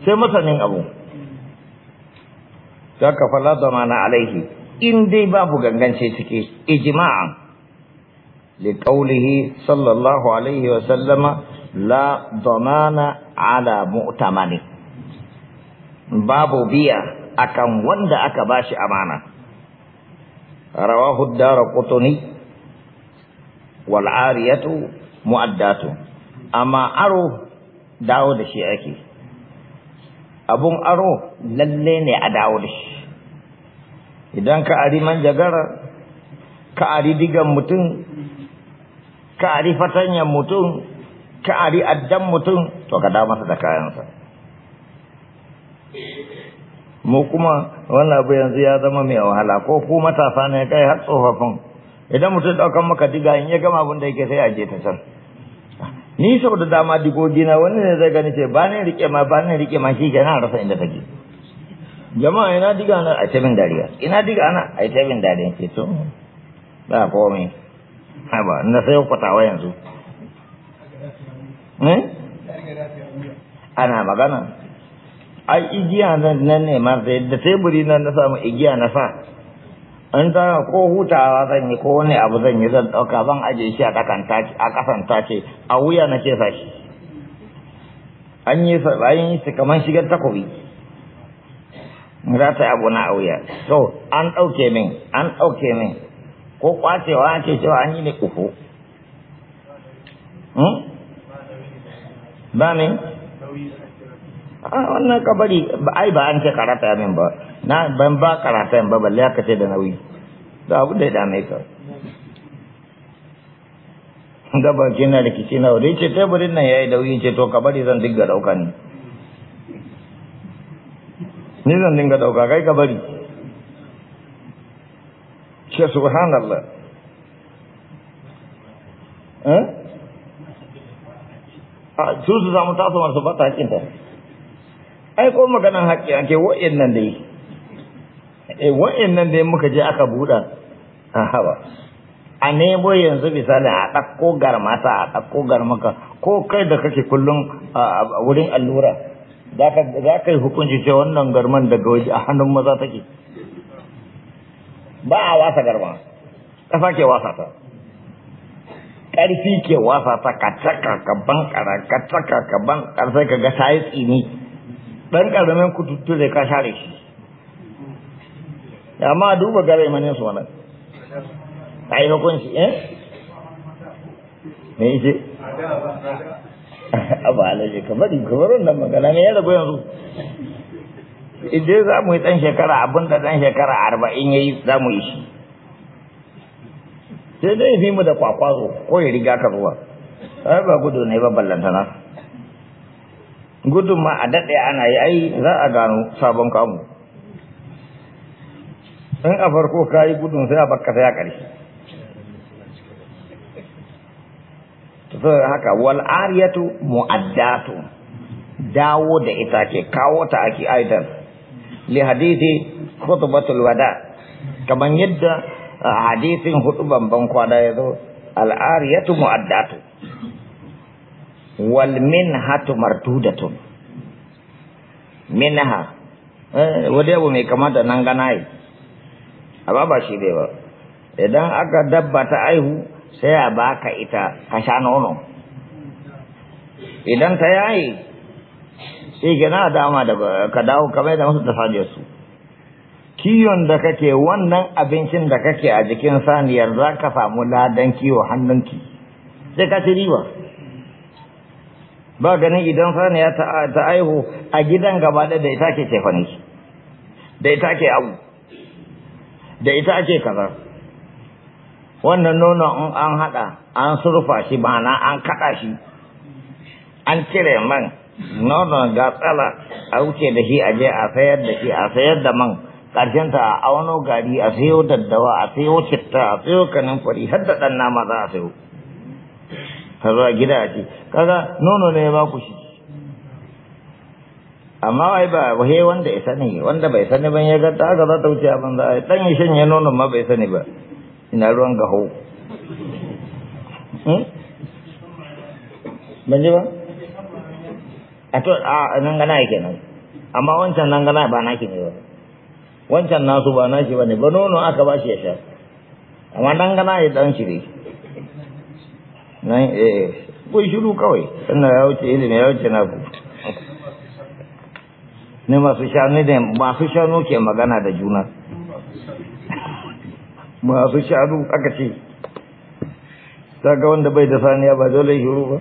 sai masanin abu don ka fala zamana alaihi in dai babu gangance ciki ijma'an li qawlihi sallallahu alaihi wa sallama la damana ala mu'tamani babu biya akan wanda aka bashi amana rawahu ad-darqutni wal ariyatu mu'addatu amma aro dawo da shi ake abun aro lalle ne a dawo da shi idan ka ari manjagara ka ari digan mutum ka ari fatanyan mutum ka ari addan mutum to ka da masa da kayansa mu kuma wannan abu yanzu ya zama mai wahala ko ku matasa ne kai har tsofaffin idan mutum ɗaukan maka diga in ya gama abin da yake sai a je ta can ni sau da dama digogina wannan ne zai gani ce ba ni rike ma ba ni rike ma shi ke na rasa inda take jama'a ina diga na a tabin dariya ina diga na a tabin dariya ke to ba komai haba na sai tawa yanzu eh? ana magana ai igiya nan ne ma da teburi nan na samu igiya na sa in ta ko hutawa zan yi ko wani abu zan yi zan ɗauka ban aje shi a ƙasan tace a wuya na ke sashi an yi bayan shi kamar shigar takobi za ta abu na a wuya so an ɗauke min an ɗauke min ko kwacewa ce cewa an yi ne uku hmm? ba ne? a ah, wannan kabari ai ba an ce karata min ba na ban ba karata ba balle aka ce da nauyi da abu da ya dame ka da baki na kici na wuri ce teburin nan yayi dauyi ce to ka bari zan dinga dauka ni ni zan dinga dauka kai ka bari ce subhanallah eh a su su samu tasowa su ta hakinta ai ko maganan haƙƙi ake wa'in nan dai eh wa'annan da muka je aka buɗa a haba a nemo yanzu misali a ɗakko garmata a ɗakko garmaka ko kai da kake kullum a wurin allura za ka yi hukunci ce wannan garman daga waje a hannun maza take ba a wasa garma ƙasa ke wasa ta ƙarfi ke wasa ta ka caka ka bankara ka caka ka bankara sai ka ga ta yi tsini ɗan ƙaramin kututtu zai ka share shi amma duba gare manin su wannan ai hukunci eh me yace aba alaji ka bari ka bar wannan magana ne ya rago yanzu idan za mu yi dan shekara abin da dan shekara arba'in ya yi za mu yi shi sai dai fi mu da kwakwazo ko ya riga ka zuwa ai ba gudu ne ba ballantana gudun ma a daɗe ana yi ai za a gano sabon kamu in a farko ka yi gudun sai a bakka sai a ƙarshe haka wal ariyatu mu'addatu dawo da ita ke kawo ta ake aidan li hadithi khutbatul wada kamar yadda hadithin hudu ban kwada ya zo al ariyatu mu'addatu wal min da tun? minha ha eh, abu mai kama da nan ganaye amma ba shi ba idan aka dabba ta aihu sai a baka ita ka sha nono idan ta yayi sai gina dama da ka dawo kamar da masu tafajiyar su kiyon da kake wannan abincin da kake a jikin saniyar za ka samu ladan kiwo hannunki sai ka ci riba ba ganin idan saniya ta aihu a gidan gaba da ita ke tefani da ita ke abu da ita ake kaza wannan nono in an haɗa an surfa shi ma'ana an kaɗa shi an cire man nono ga tsala a wuce da shi a a sayar da shi a sayar da man ƙarshenta a auno gari a sayo daddawa a sayo citta a sayo fari har da ɗan nama za a sayo ka gida a ce kaga nono ne ya ba ku shi amma wai ba wahe wanda ya sani wanda bai sani ban ya ga ta ga za ta wuce abin da ai dan shin ya nono ma bai sani ba ina ruwan gaho hmm? ban ji ba a to a nan gana yake nan amma wancan nan gana ba naki ne ba wancan nasu ba naki ba ne ba nono aka ba shi ya sha amma nan gana ya dan shiri nan eh, eh. ko shiru kawai sannan ya wuce ilimi ya wuce naku ne masu shanu ne masu shanu ke magana da juna masu shanu aka ce ta ga wanda bai da saniya ba dole shuru ba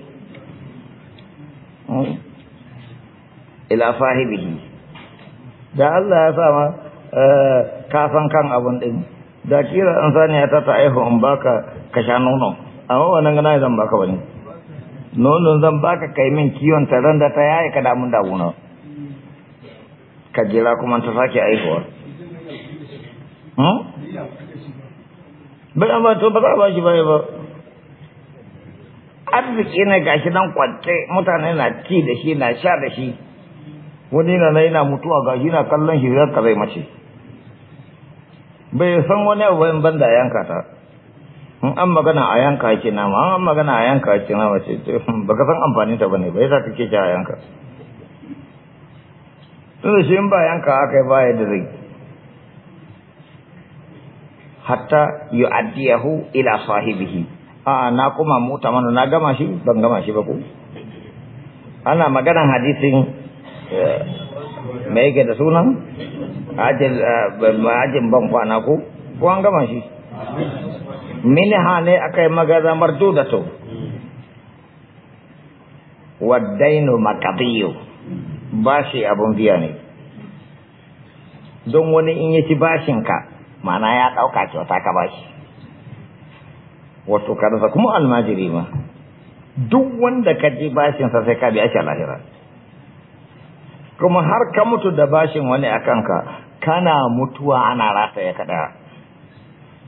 hmm. ila fahibihi da Allah ya sama eh, san kan abun din da kira an saniya ta ta aihu in baka ka sha nono amma wannan gana zan baka wani nonon zan baka kai min kiwon taron da ta yaye ka damun wuna. ka jira kuma ta sake aihuwa hmm? bai amma to ba za a ba shi baya ba arziki ne gashi nan kwance mutane na ci da shi na sha da shi wani na na yana mutuwa gashi na kallon shi zai ka zai mace bai san wani abu bayan banda yanka ta in an magana a yanka ake nama an magana a yanka ake nama ce ba ka san amfani ta bane bai za ka ke a yanka to shi in ba yanka aka yi baya da zai hatta addiyahu ila sahibihi a na kuma mota mana na gama shi ban gama shi ba ku. ana maganan hadisin eh, mai yake da sunan ajin eh, ban kwana ku, ko an gama shi minha ne yi magana to. waddainu maqdiyu bashi abun biya ne don wani in ya ci bashinka mana ya ɗauka kyauta ka bashi wato ka rasa kuma almajiri ma duk wanda ka ji bashinsa sai ka biya shi lahira kuma har ka mutu da bashin wani a ka kana mutuwa ana rataya ya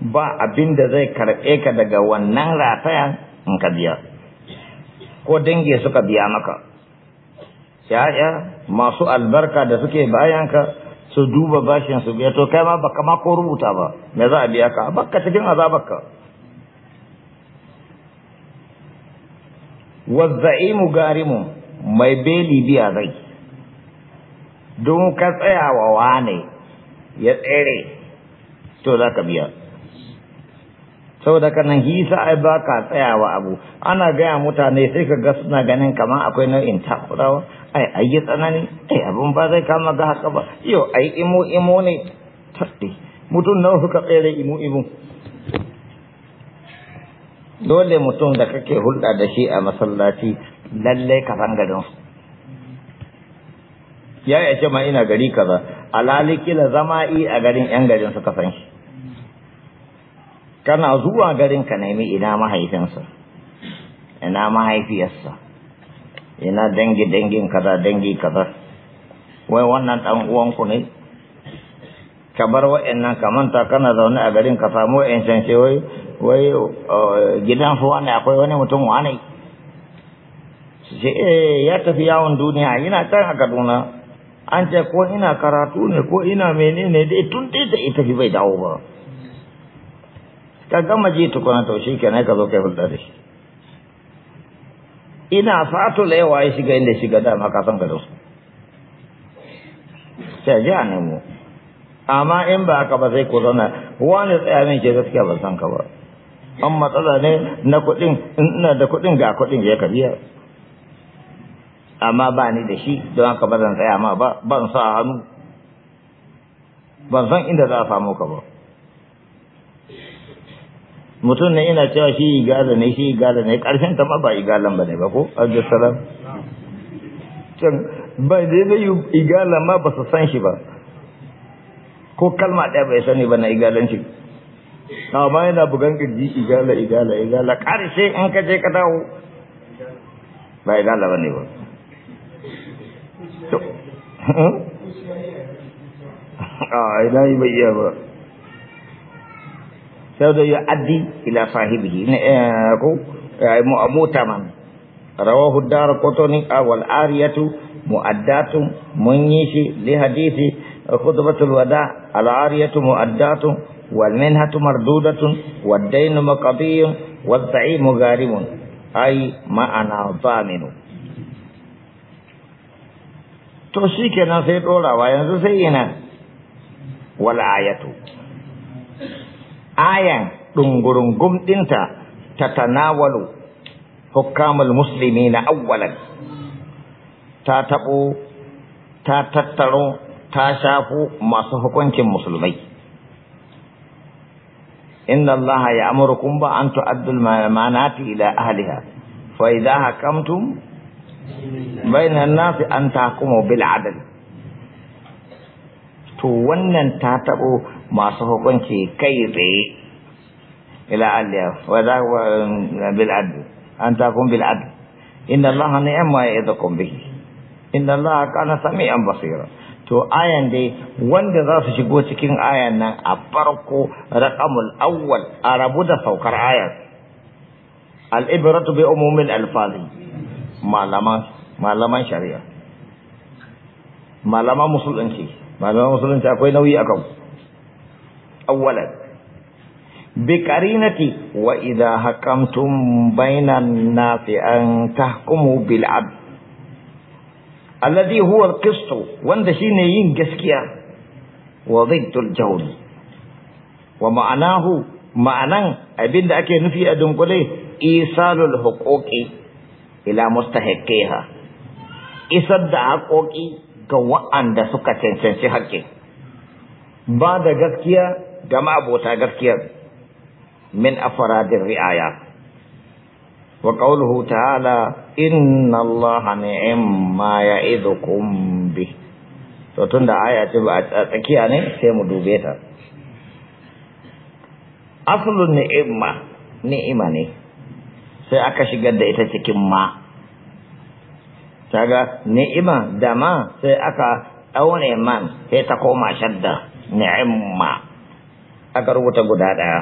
ba abin da zai karɓe ka daga wannan rataya in ka biya ko dange suka biya maka ya'ya masu albarka da suke bayanka su duba bashin su biya to kai ma baka ma ko rubuta ba me za a biya ka baka cikin azabarka wazza'imu garimu mai beli biya zai don ka tsaya wa wane ya tsere to za ka biya saboda kanan hisa ai ba ka tsaya wa abu ana gaya mutane sai ka ga suna ganin kamar akwai nau'in takurawa ai ai tsanani ai abun ba zai kama ga haka ba yo ai imo imo ne tafi mutum nawa suka tsere imo imo dole mutum da kake hulɗa da shi a masallaci lalle ka san garin ya ya ce ma ina gari kaza alali kila zama i a garin yan garin suka san shi kana zuwa garin ka nemi ina mahaifinsa ina mahaifiyarsa ina dangi dangin kaza dangi kaza wai wannan dan uwanku ne ka bar wa'annan ka manta kana zaune a garin ka samu wa'ancan ce wai wai eh, gidan su ne akwai wani mutum wa ne eh, ya tafi yawon duniya yana can a Kaduna an ce ko ina karatu ne ko ina menene dai tun dai da ita fi bai dawo ba ka gama ji tukuna to shi kenan ka zo kai hulɗa da shi ina fatula yawa ya shiga inda shiga dama ka san gado sai ji a nemo amma in ba haka ba sai ku zana wani tsaya min ke gaskiya ban san ka ba an matsala ne na kuɗin in ina da kuɗin ga kuɗin ya kabiya amma ba ni da shi don haka ba zan tsaya ma ba ban sa hannu ban san inda za a samu ka ba mutum ne ina cewa shi igala ne shi igala ne karshen ta ma ba igala ba ne ba ko abdulsalam can ba da yi igala ma ba su san shi ba ko kalma ɗaya bai sani ba na igalanci amma yana bugan kirji igala igala igala karshe in ka je ka dawo ba igala ba ne ba a ina yi bai iya ba سوف يؤدي إلى صاحبه موتما رواه الدار قطني او الارية مؤدات منيش لحديث خطبة الوداع الارية مؤدات والمنهة مردودة والدين مقضي والضعيم غارم أي ما انا ضامن to shi kenan sai ɗorawa yanzu ayan ɗungurungum ɗinta ta tanawalu hukamul musulmi na awwalan ta taɓo ta tattaro ta shafo masu hukuncin musulmai inna allaha ya'murukum ba an tu'addul manati ila ahliha fa idha hakamtum bayna an an tahkumu bil 'adl to wannan ta taɓo masu hukunci kai tsaye ila aliya wa za wa eh, bil adl an takum bil adl inna allaha ni'ma ya'idukum bihi inna allaha kana sami'an basira to ayan dai wanda za su shigo cikin ayan nan a farko raƙamul awwal a rabu da saukar ayan al-ibratu bi umumil alfazi malaman malaman shari'a malaman musulunci malaman musulunci akwai nauyi akan Awwalar, biƙa ri na titi. Wa idan haƙantun baina na fi an tahakumu bil'ad. A ladai, Huwar Kiristo, wanda shi ne yin gaskiya, waɗai ɗul jawo Wa ma'anahu ma'anan abinda ake nufi a dungule? isalul lalu ila Mustahakeha. Isar da haƙuki ga wa'anda suka cancanci haki. Ba da gaskiya. gama abota gaskiyar min afaradin ri'aya wa ta ta'ala inna allaha ya ya'idukum bi to tunda aya ce ba a tsakiya ne sai mu dube ta ni'ima ne sai aka shigar da ita cikin ma daga ni'ima da ma sai aka auna man sai ta koma shadda ni'imma aka rubuta guda ɗaya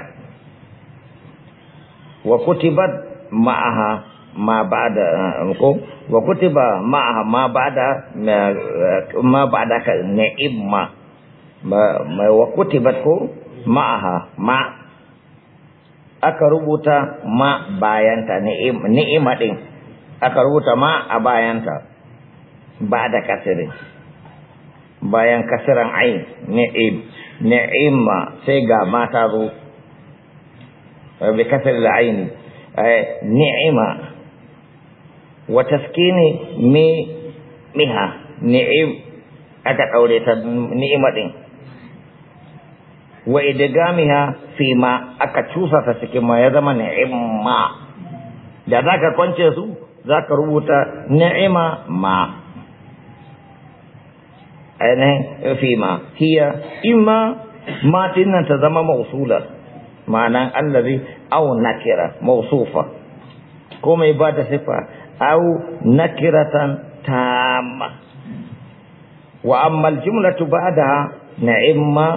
wa kutibat ma'aha ma ba'da eh, ko wa kutiba ma'aha ma ba'da ma eh, ba'da ka ne imma ma wa kutibat ko ma'aha ma aka rubuta ma bayanta ni'ima din aka rubuta ma a bayanta ba da kasirin bayan kasiran ai ni'im ni'ima sai ga mata zo bi kasar la'aini ni'ima wa taskini mi miha ni'im aka daure ta ni'ima ɗin. wa idgamiha fi ma aka cusa ta cikin ma ya zama ni'ima da zaka kwance su zaka rubuta ni'ima ma ainihin fima hiya imma matin nan ta zama mausula ma'anan allazi au nakira mausufa ko mai ba ta sifa au nakiratan tamma wa amma aljumlatu ba'daha na'imma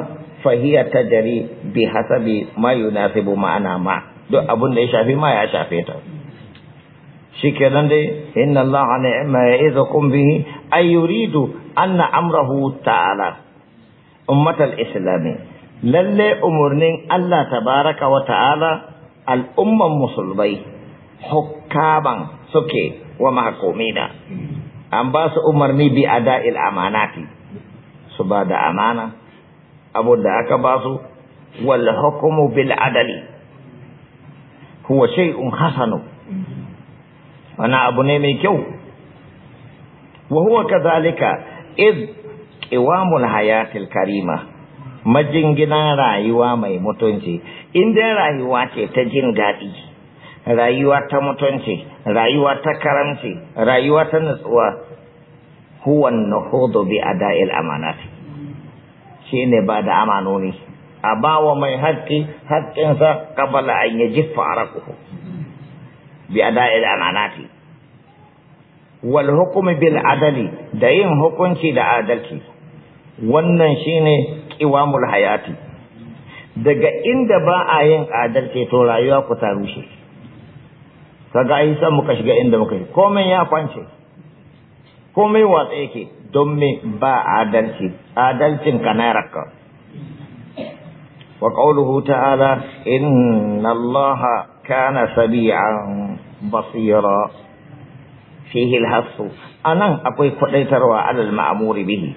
fahiya tajri bi hasabi ma yunasibu ma'ana ma duk abin da ya shafi ma ya shafe ta shikenan dai inna allaha ni'ma ya'izukum bihi ay yuridu anna amrahu ta'ala ummatal islami lalle umurnin Allah tabaraka wa ta'ala al'umman musulmai hukaban suke wa mahkumina an ba su umarni bi ada'il amanati su ba da amana abu da aka ba su wal hukmu bil adali huwa shay'un hasanu wani abu ne mai kyau wa huwa kadhalika iz qiwamul hayatil karima majinginan rayuwa mai mutunci in dai rayuwa ce ta jin daɗi rayuwa ta mutunci rayuwa ta karamci rayuwa ta nutsuwa huwan nahudu bi ada'il amanati ne ba da amanoni a bawa mai haƙƙi haƙƙinsa kabala an yaji faraku bi da'il amanati wal hukumi bil adali da yin hukunci da adalci wannan shine qiwamul hayati daga inda ba a yin adalci to rayuwa ku ta rushe kaga ai san muka shiga inda muka yi komai ya kwance komai watsa yake don me ba adalci adalcin ka na rakka wa qawluhu ta'ala inna allaha kana sabi'an basira fihi alhasu anan akwai kwadaitarwa alal ma'muri bihi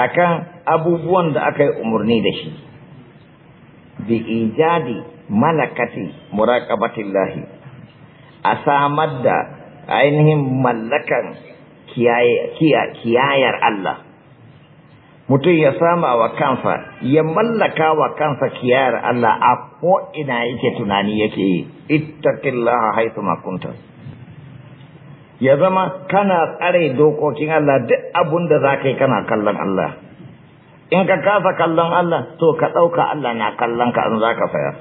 akan abubuwan da aka yi umarni da shi bi ijadi malakati muraqabatillahi a samar da ainihin mallakan kiyayar Allah mutum ya sama wa kansa ya mallaka wa kansa kiyayar Allah a ko ina yake tunani yake yi ittaqillaha haythu ma kuntum ya zama kana tsare dokokin Allah duk abun da za ka yi kana kallon Allah in ka kasa kallon Allah to ka ɗauka Allah na kallon ka in za ka sayar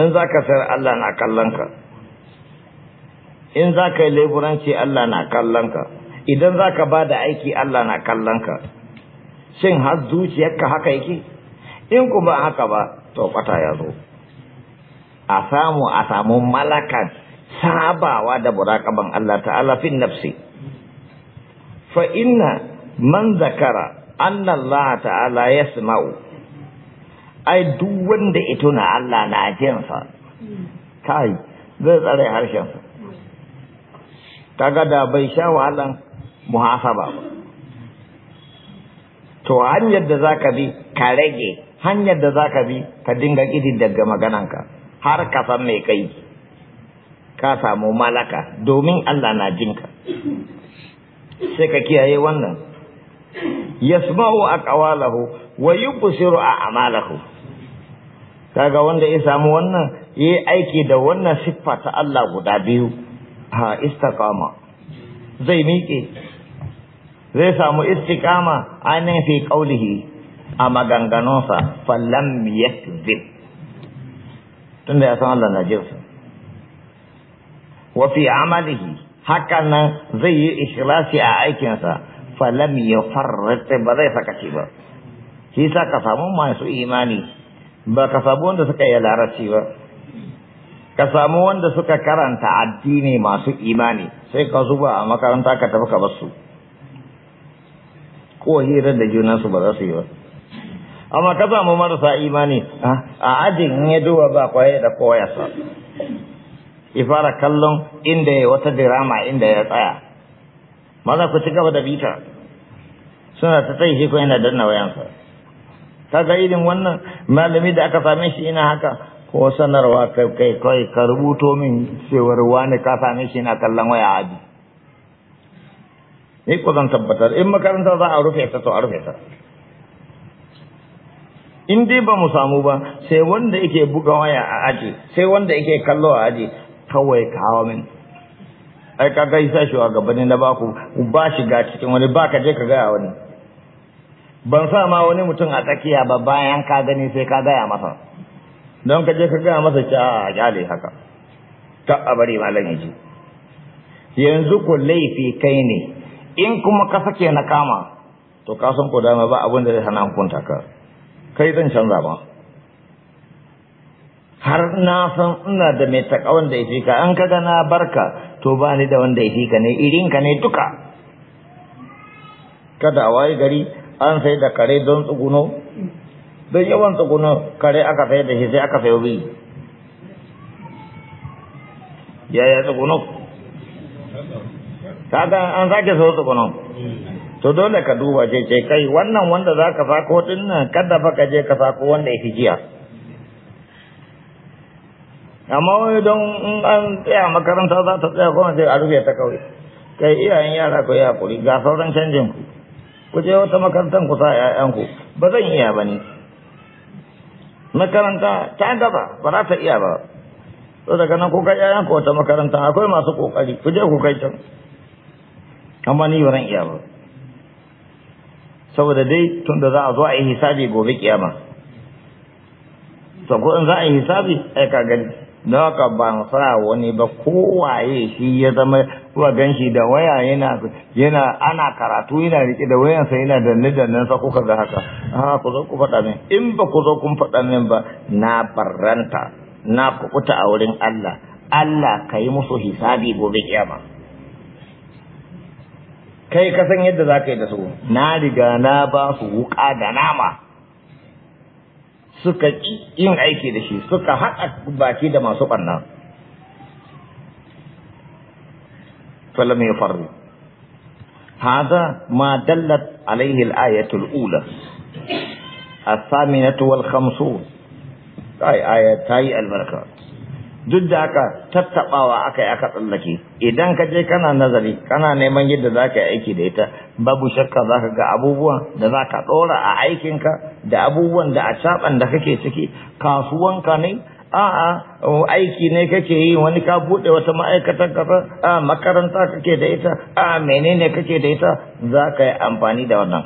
in za ka sayar Allah na kallon ka in za ka yi leburanci Allah na kallon ka idan za ka ba da aiki Allah na kallon ka shin har zuciyarka haka yake in kuma haka ba to kwata ya zo a samu a samu malakan sabawa da muraqaban Allah ta'ala fi nafsi fa inna man zakara anna Allah ta'ala yasma'u ai duk wanda ito na Allah na jin sa kai zai tsare harshen sa kaga da bai sha wahalan muhasaba ba to hanyar da zaka bi ka rage hanyar da zaka bi ka dinga kidin daga magananka har ka san me kai ka samu malaka domin Allah na jinka sai ka kiyaye wannan yasma'u aqwalahu wa yubsiru a'malahu kaga wanda ya samu wannan yayi aiki da wannan siffa ta Allah guda biyu ha istiqama zai miƙe zai samu istiqama ainihin fi qaulihi a maganganunsa fallam yakzib tunda ya san Allah na jinsa wafi amalihi haka nan zai yi ikhlasi a aikinsa falam ya farrata ba zai sakaci ba shi sa ka samu masu imani ba ka samu wanda suka yi larabci ba ka samu wanda suka karanta addini masu imani sai ka zuba a makaranta ka tafi ka basu ko hira da junansu ba za su yi ba amma ka samu marasa imani ah, a ajin ya duba ba kwaye da koyasa ya fara kallon inda ya wata dirama inda ya tsaya maza ku ci gaba da bita suna ta tsaye shi ko yana danna wayansa ga irin wannan malami da aka same shi ina haka ko sanarwa kai kai kai ka rubuto min cewar wani ka same shi ina kallon waya aji ni ko zan tabbatar in makaranta za a rufe ta to a rufe ta in dai ba mu samu ba sai wanda yake buga waya a aji sai wanda yake kallo a aji kawai kawo min ai ka ga isa shi gabani na baku ba shiga cikin wani ba ka je ka gaya wani ban sa ma wani mutum a tsakiya ba bayan ka gani sai ka gaya masa don ka je ka gaya masa ci a kyale haka ta a bari malam yanzu ku laifi kai ne in kuma ka sake na kama to ka san ko dama ba abin da zai hana hukunta ka kai zan canza ba har na san ina da mai taka wanda ya fi ka an kaga na barka to ba ni da wanda ya fi ka ne irin ka ne duka kada a waye gari an sai da kare don tsuguno don yawan tsuguno kare aka sai da shi sai aka sayo biyu yaya tsuguno kaga an sake sayo tsuguno to dole ka duba ce ce kai wannan wanda za ka fa ko nan kada fa ka je ka ko wanda ya fi jiya amma wani don in an tsaya makaranta za ta tsaya kuma sai a rufe ta kawai kai iyayen yara ku ya kuri ga sauran canjin ku ku je wata makarantar ku sa ya'yanku ba zan iya ba ne makaranta ta gaba ba za ta iya ba to daga nan ku kai ƴaƴanku wata makaranta akwai masu kokari ku je ku kai can amma ni ba zan iya ba saboda dai tun da za a zo a yi hisabi gobe kiyama to ko in za a yi hisabi ai ka gani don ka ban sa wani ba kowaye shi ya zama kuwa gan shi da waya yana yana ana karatu yana rike da wayansa yana danne danne sa kuka ga haka ha ku zo ku faɗa min in ba ku zo kun faɗa min ba na barranta na kukuta a wurin Allah Allah ka yi musu hisabi gobe kiyama kai ka san yadda za ka yi da su na riga na ba su wuka da nama suka yin aiki da shi suka haɗa baki da masu ɓanna falam ya faru hada ma dallat alaihi al'ayatul ula wal والخمسون ay آية تاي البركة duk da aka tattabawa aka yi aka tsallake idan ka je kana nazari kana neman yadda za ka yi aiki da ita babu shakka za ka ga abubuwan da za ka ɗora a aikinka da abubuwan da a caɓan da kake ciki kasuwanka ne a'a aiki ne kake yi wani ka buɗe wata ma'aikatar kasa, a makaranta kake da ita a menene kake da ita za ka yi amfani da wannan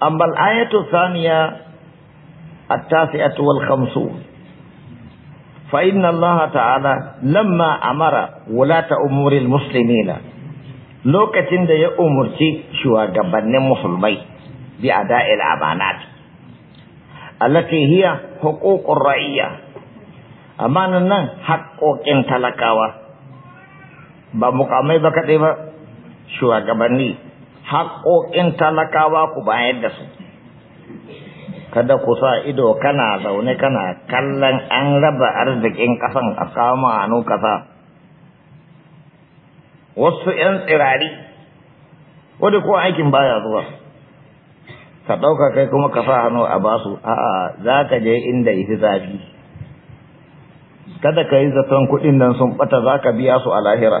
amma ayatu saniya التاسعة والخمسون Fa'inallaha ta'ala nan ma a mara wula ta umaril musulmi na. Lokacin da ya umurce shugabannin musulmai biya a da'ilawa mana da. A Latifiya, hukun nan, haƙƙoƙin talakawa. Ba muƙamai ba kaɗai ba? Shugabanni. Haƙƙoƙin talakawa ku bayar da su. kada ku sa ido kana zaune kana kallon an raba arzikin ƙasan a samu hannu ƙasa wasu 'yan tsirari wadda kuwa aikin baya zuwa ka ɗauka kai kuma ka sa hannu a basu a'a za ka je inda yi zafi kada ka yi zaton kuɗin nan sun ɓata za ka biya su a lahira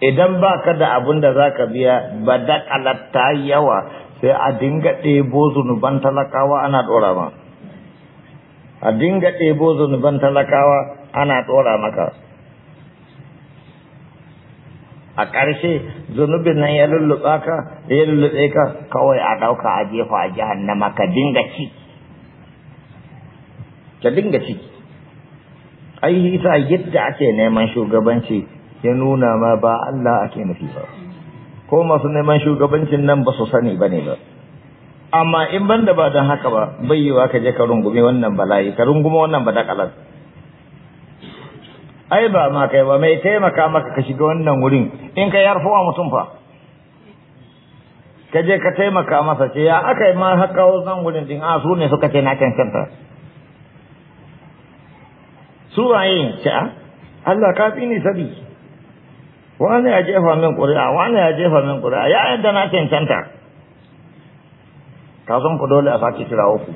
idan ba ka da abun da za ka biya ba da yawa sai a dinga ɗebo zunuban talakawa ana ɗora ma a dinga ɗebo zunuban talakawa ana ɗora maka a ƙarshe zunubin nan ya lulluɓa ka ya lulluɓe ka kawai a ɗauka a jefa a jahannama ka dinga ci ka dinga ci ai yadda ake neman shugabanci ya nuna ma ba Allah ake nufi ba ko masu neman shugabancin nan ba su sani ba ne ba amma in banda ba don haka ba bai ka je ka rungume wannan bala'i ka rungume wannan ba dakalar. ai ba ma kai ba mai taimaka maka ka shiga wannan wurin in ka yarfowa mutum fa ka je ka taimaka masa ce ya aka yi ma haka wannan wurin din a su ne suka ce na cancanta su waye ce Allah ka fi ni sabi wani ya jefa min ƙuri'a wani ya jefa min ƙuri'a ya yadda na cancanta ka san ku dole a sake kira uku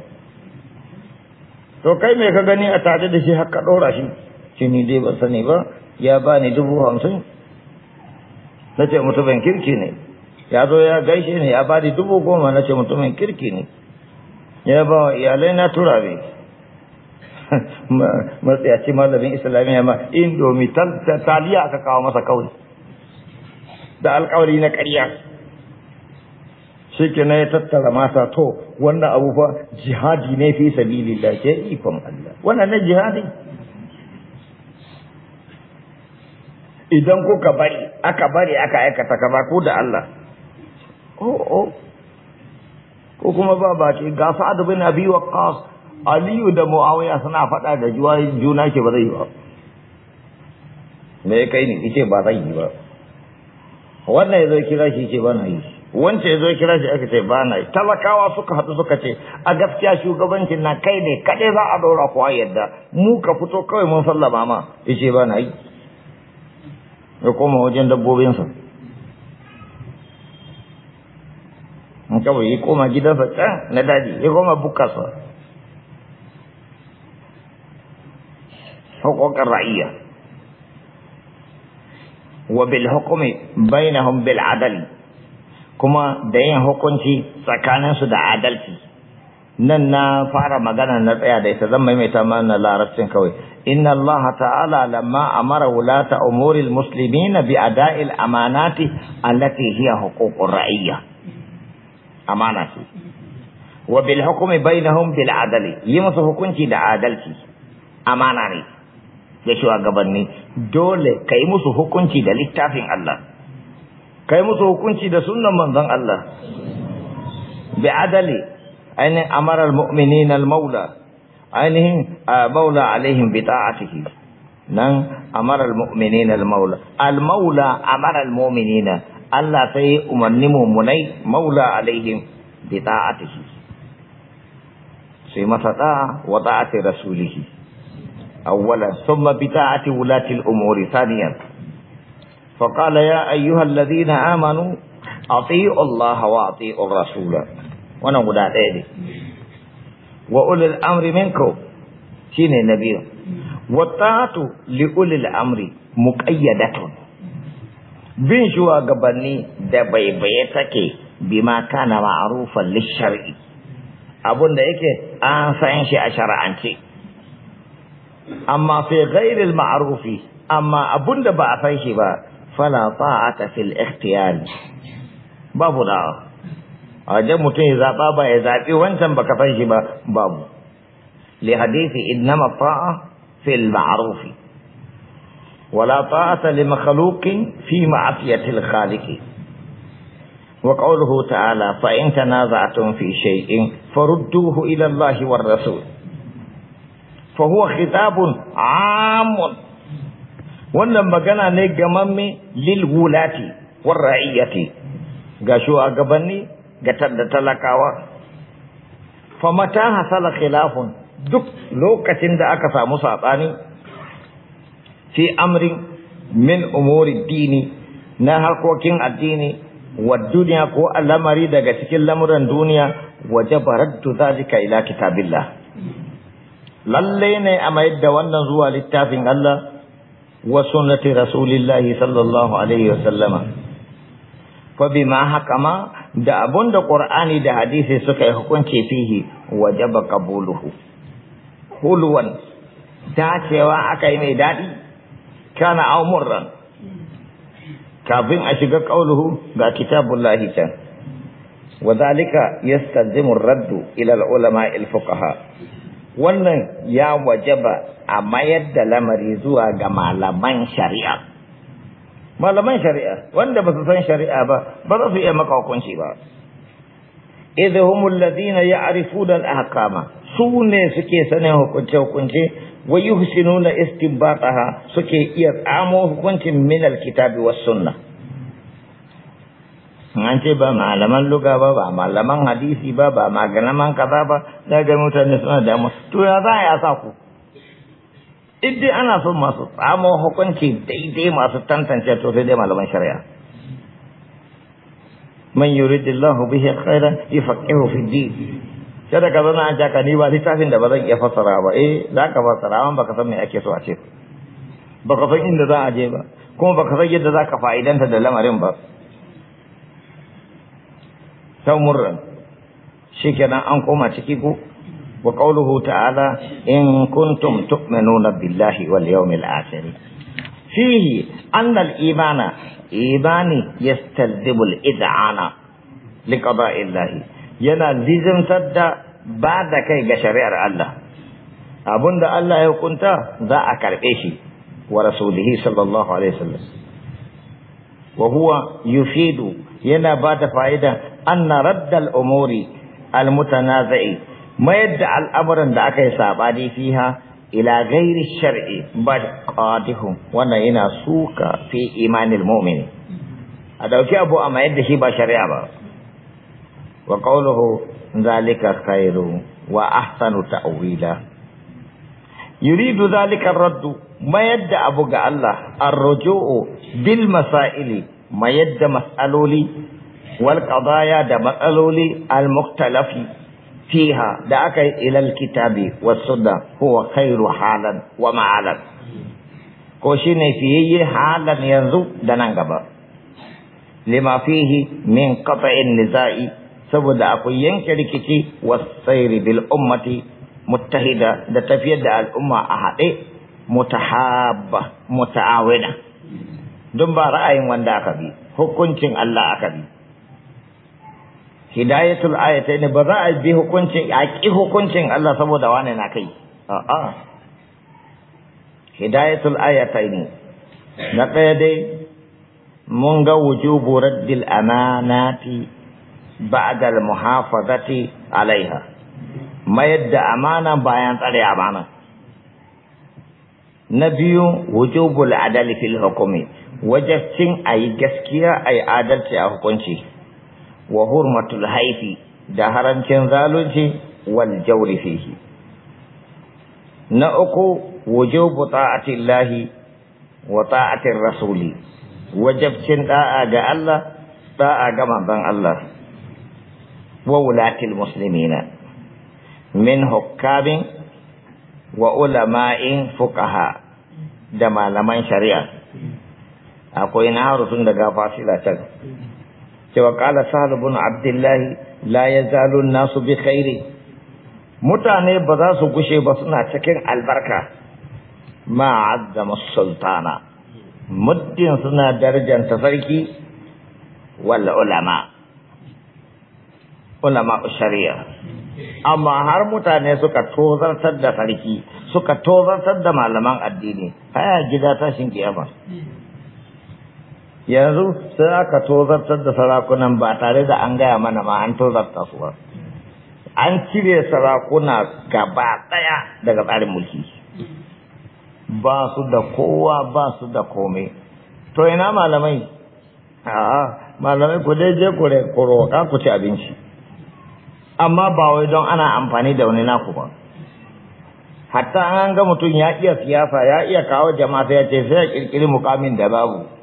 to kai me ka gani a tare da shi har ka ɗora shi shi ni dai ban sani ba ya ba ni dubu hamsin na ce mutumin kirki ne ya zo ya gaishe ne ya ba ni dubu goma na ce mutumin kirki ne ya ba wa iyalai na tura ne matsayaci malamin islamiyya ma indomi taliya aka kawo masa kawai da alkawari na ƙarya shi ke na ya tattara masa to wannan abu fa jihadi ne fi sabilillah ke ikon Allah wannan na jihadi idan kuka bari aka bari aka aikata kama ku da Allah oh oh ko kuma ba ba ce ga Sa'ad bin Abi Waqqas Aliyu da Muawiya suna fada da juna ke ba zai yi ba me kai ne kike ba zai yi ba wannan ya zo kira shi ce ba na yi wancan ya zo kira shi aka ce ba na yi talakawa suka haɗu suka ce a gaskiya shugabancin na kai ne kaɗai za a ɗora ko a yadda mu ka fito kawai mun sallama ma ya ce ba na yi ya koma wajen dabbobinsa in kawai ya koma gidansa can eh, na daji ya koma bukkasa haƙoƙar ra'iyya. wa bil hukmi bainahum bil adal kuma da yin hukunci tsakaninsu da adalci nan na fara magana na tsaya da ita zan maimaita mana larabcin kawai inna Allah ta'ala lamma amara wulata umuril muslimina bi ada'il amanati allati hiya huququr ra'iyya amanati wa bil hukmi bainahum bil adali yi musu hukunci da adalci amana ne da gabanni, dole ka yi musu hukunci da littafin Allah ka yi musu hukunci da sunan manzan Allah bi adali ainihin amarar mu'mini al-maula ainihin maula alaihim bi ta'atihi nan amarar mu'mini al-maula al-maula amarar na Allah sai umarni mummunai maula alaihim bi ta'atihi sai masa da wa ta'ati rasulihi أولا ثم بطاعة ولاة الأمور ثانيا فقال يا أيها الذين آمنوا أطيعوا الله وأطيعوا الرسول وانا قد أعطيه وأولي الأمر منكم شين النبي والطاعة لأولي الأمر مقيدة bin shugabanni da baibaye take bima kana ma'rufan lish-shar'i abunda yake an san shi a shar'ance amma fi ghairil ma'rufi amma abunda ba a san shi ba fala ta'ata fil ikhtiyar babu da a wajen mutum ya zaba ba ya zabi wancan baka san shi ba babu li hadisi innama ta'a fil ma'rufi wala ta'ata li makhluqin fi ma'asiyatil khaliqi وقوله تعالى فإن تنازعتم في شيء فردوه إلى الله والرسول fa huwa amun wannan magana ne gamamme lil wulati war ra'iyati ga shugabanni ga tadda talakawa fa mata hasala khilafun duk lokacin da aka samu sabani fi amrin min umuri dini na harkokin addini wa duniya ko al'amari daga cikin lamuran duniya wajabarattu zalika ila kitabillah lalle ne a mayar da wannan zuwa littafin Allah wa sunnati rasulillahi sallallahu alaihi wasallama fa bima ma. da da qur'ani da hadisi suka yi hukunci fihi wajaba qabuluhu hulwan dacewa aka yi mai dadi kana aw murran kafin a shiga qauluhu ga kitabullahi can وذلك يستلزم الرد إلى العلماء الفقهاء wannan ya waje ba a mayar da lamari zuwa ga malaman shari'a malaman shari'a wanda ba su san shari'a ba ba za su iya maka hukunci ba idh humul ladina ya'rifuna al-ahkama su ne suke sanin hukunce hukunce wa yuhsinuna istinbataha suke iya tsamo hukuncin min al-kitabi was sunnah an ce ba malaman luga ba ba malaman hadisi ba ba malaman kaza ba daga ga mutane suna damu to ya za ya sa ku idan ana son masu tsamo hukunci daidai masu tantance to sai dai malaman shari'a man yuridillahu bihi khairan yafaqihu fi din kada ka zana an ka ni ba littafin da ba zan iya fassara ba eh za ka fassara ba ka san me ake so a ce ba ka san inda za a je ba kuma ba ka san yadda za ka fa'idanta da lamarin ba sau murran shi kenan an koma ciki ko wa ta'ala in kuntum tu'minuna billahi wal yawmil akhir fihi anna al imana imani yastalzimu al id'ana li qada'i allah yana lizimtar da ba da kai ga shari'ar Allah abunda Allah ya hukunta za a karbe shi wa rasulihi sallallahu alaihi wasallam wa huwa yufidu yana ba da fa'idan anna raddal umuri almutanazi'i mayar da al'amuran da aka yi saɓani fiha ila gairi shar'i ba qadihum wannan yana suka fi imanin mu'min a dauki abu a mayar da shi ba shari'a ba wa qawluhu zalika khairu wa ahsanu ta'wila yuridu zalika raddu mayar da abu ga Allah ar-ruju'u bil masaili mayar da matsaloli wal qadaya da matsaloli al muktalafi fiha da aka yi ilal kitabi wasu sunna huwa khairu halan wa ma'alan ko shine fiyayye halan yanzu da nan gaba lima fihi min qata'in nizai saboda akwai yanke rikici wasairi bil ummati muttahida da tafiyar da al'umma a haɗe mutahabba muta'awida don ba ra'ayin wanda aka bi hukuncin Allah aka bi hidayatul ayatai ne ba za a bi hukuncin a ƙi hukuncin Allah saboda wane na kai a'a hidayatul ayatai ne na ɗaya dai mun ga wujubu raddil amanati ba'da muhafazati alaiha mayar da amana bayan tsare amana na biyu wujubul adali fil hukumi wajabcin a yi gaskiya a yi adalci a hukunci wa hurmatul haifi da harancin zalunci wal jauri fihi na uku wujubu ta'atillahi wa ta'atir rasuli wajabcin da'a ga Allah da'a ga manzon Allah wa wulatil muslimina min hukkabin wa ulama'in fuqaha da malaman shari'a akwai na tun daga fasila can cewa kala sahal abdullahi la ya yazalu nasu bi khairi mutane ba za su gushe ba suna cikin albarka ma azzama sultana muddin suna darajanta sarki wal ulama ulama shari'a amma har mutane suka tozartar da sarki suka tozartar da malaman addini haya gida tashin kiyama yanzu sai aka tozartar da sarakunan ba tare da an gaya mana ma an tozarta su ba an cire sarakuna gaba daya daga tsarin mulki ba su da kowa ba su da komai to ina malamai a'a malamai ku dai je ku roƙa ku ci abinci amma ba wai don ana amfani da wani naku ba hatta an ga mutum ya iya siyasa ya iya kawo jama'a ya ce sai ya kirkiri mukamin da babu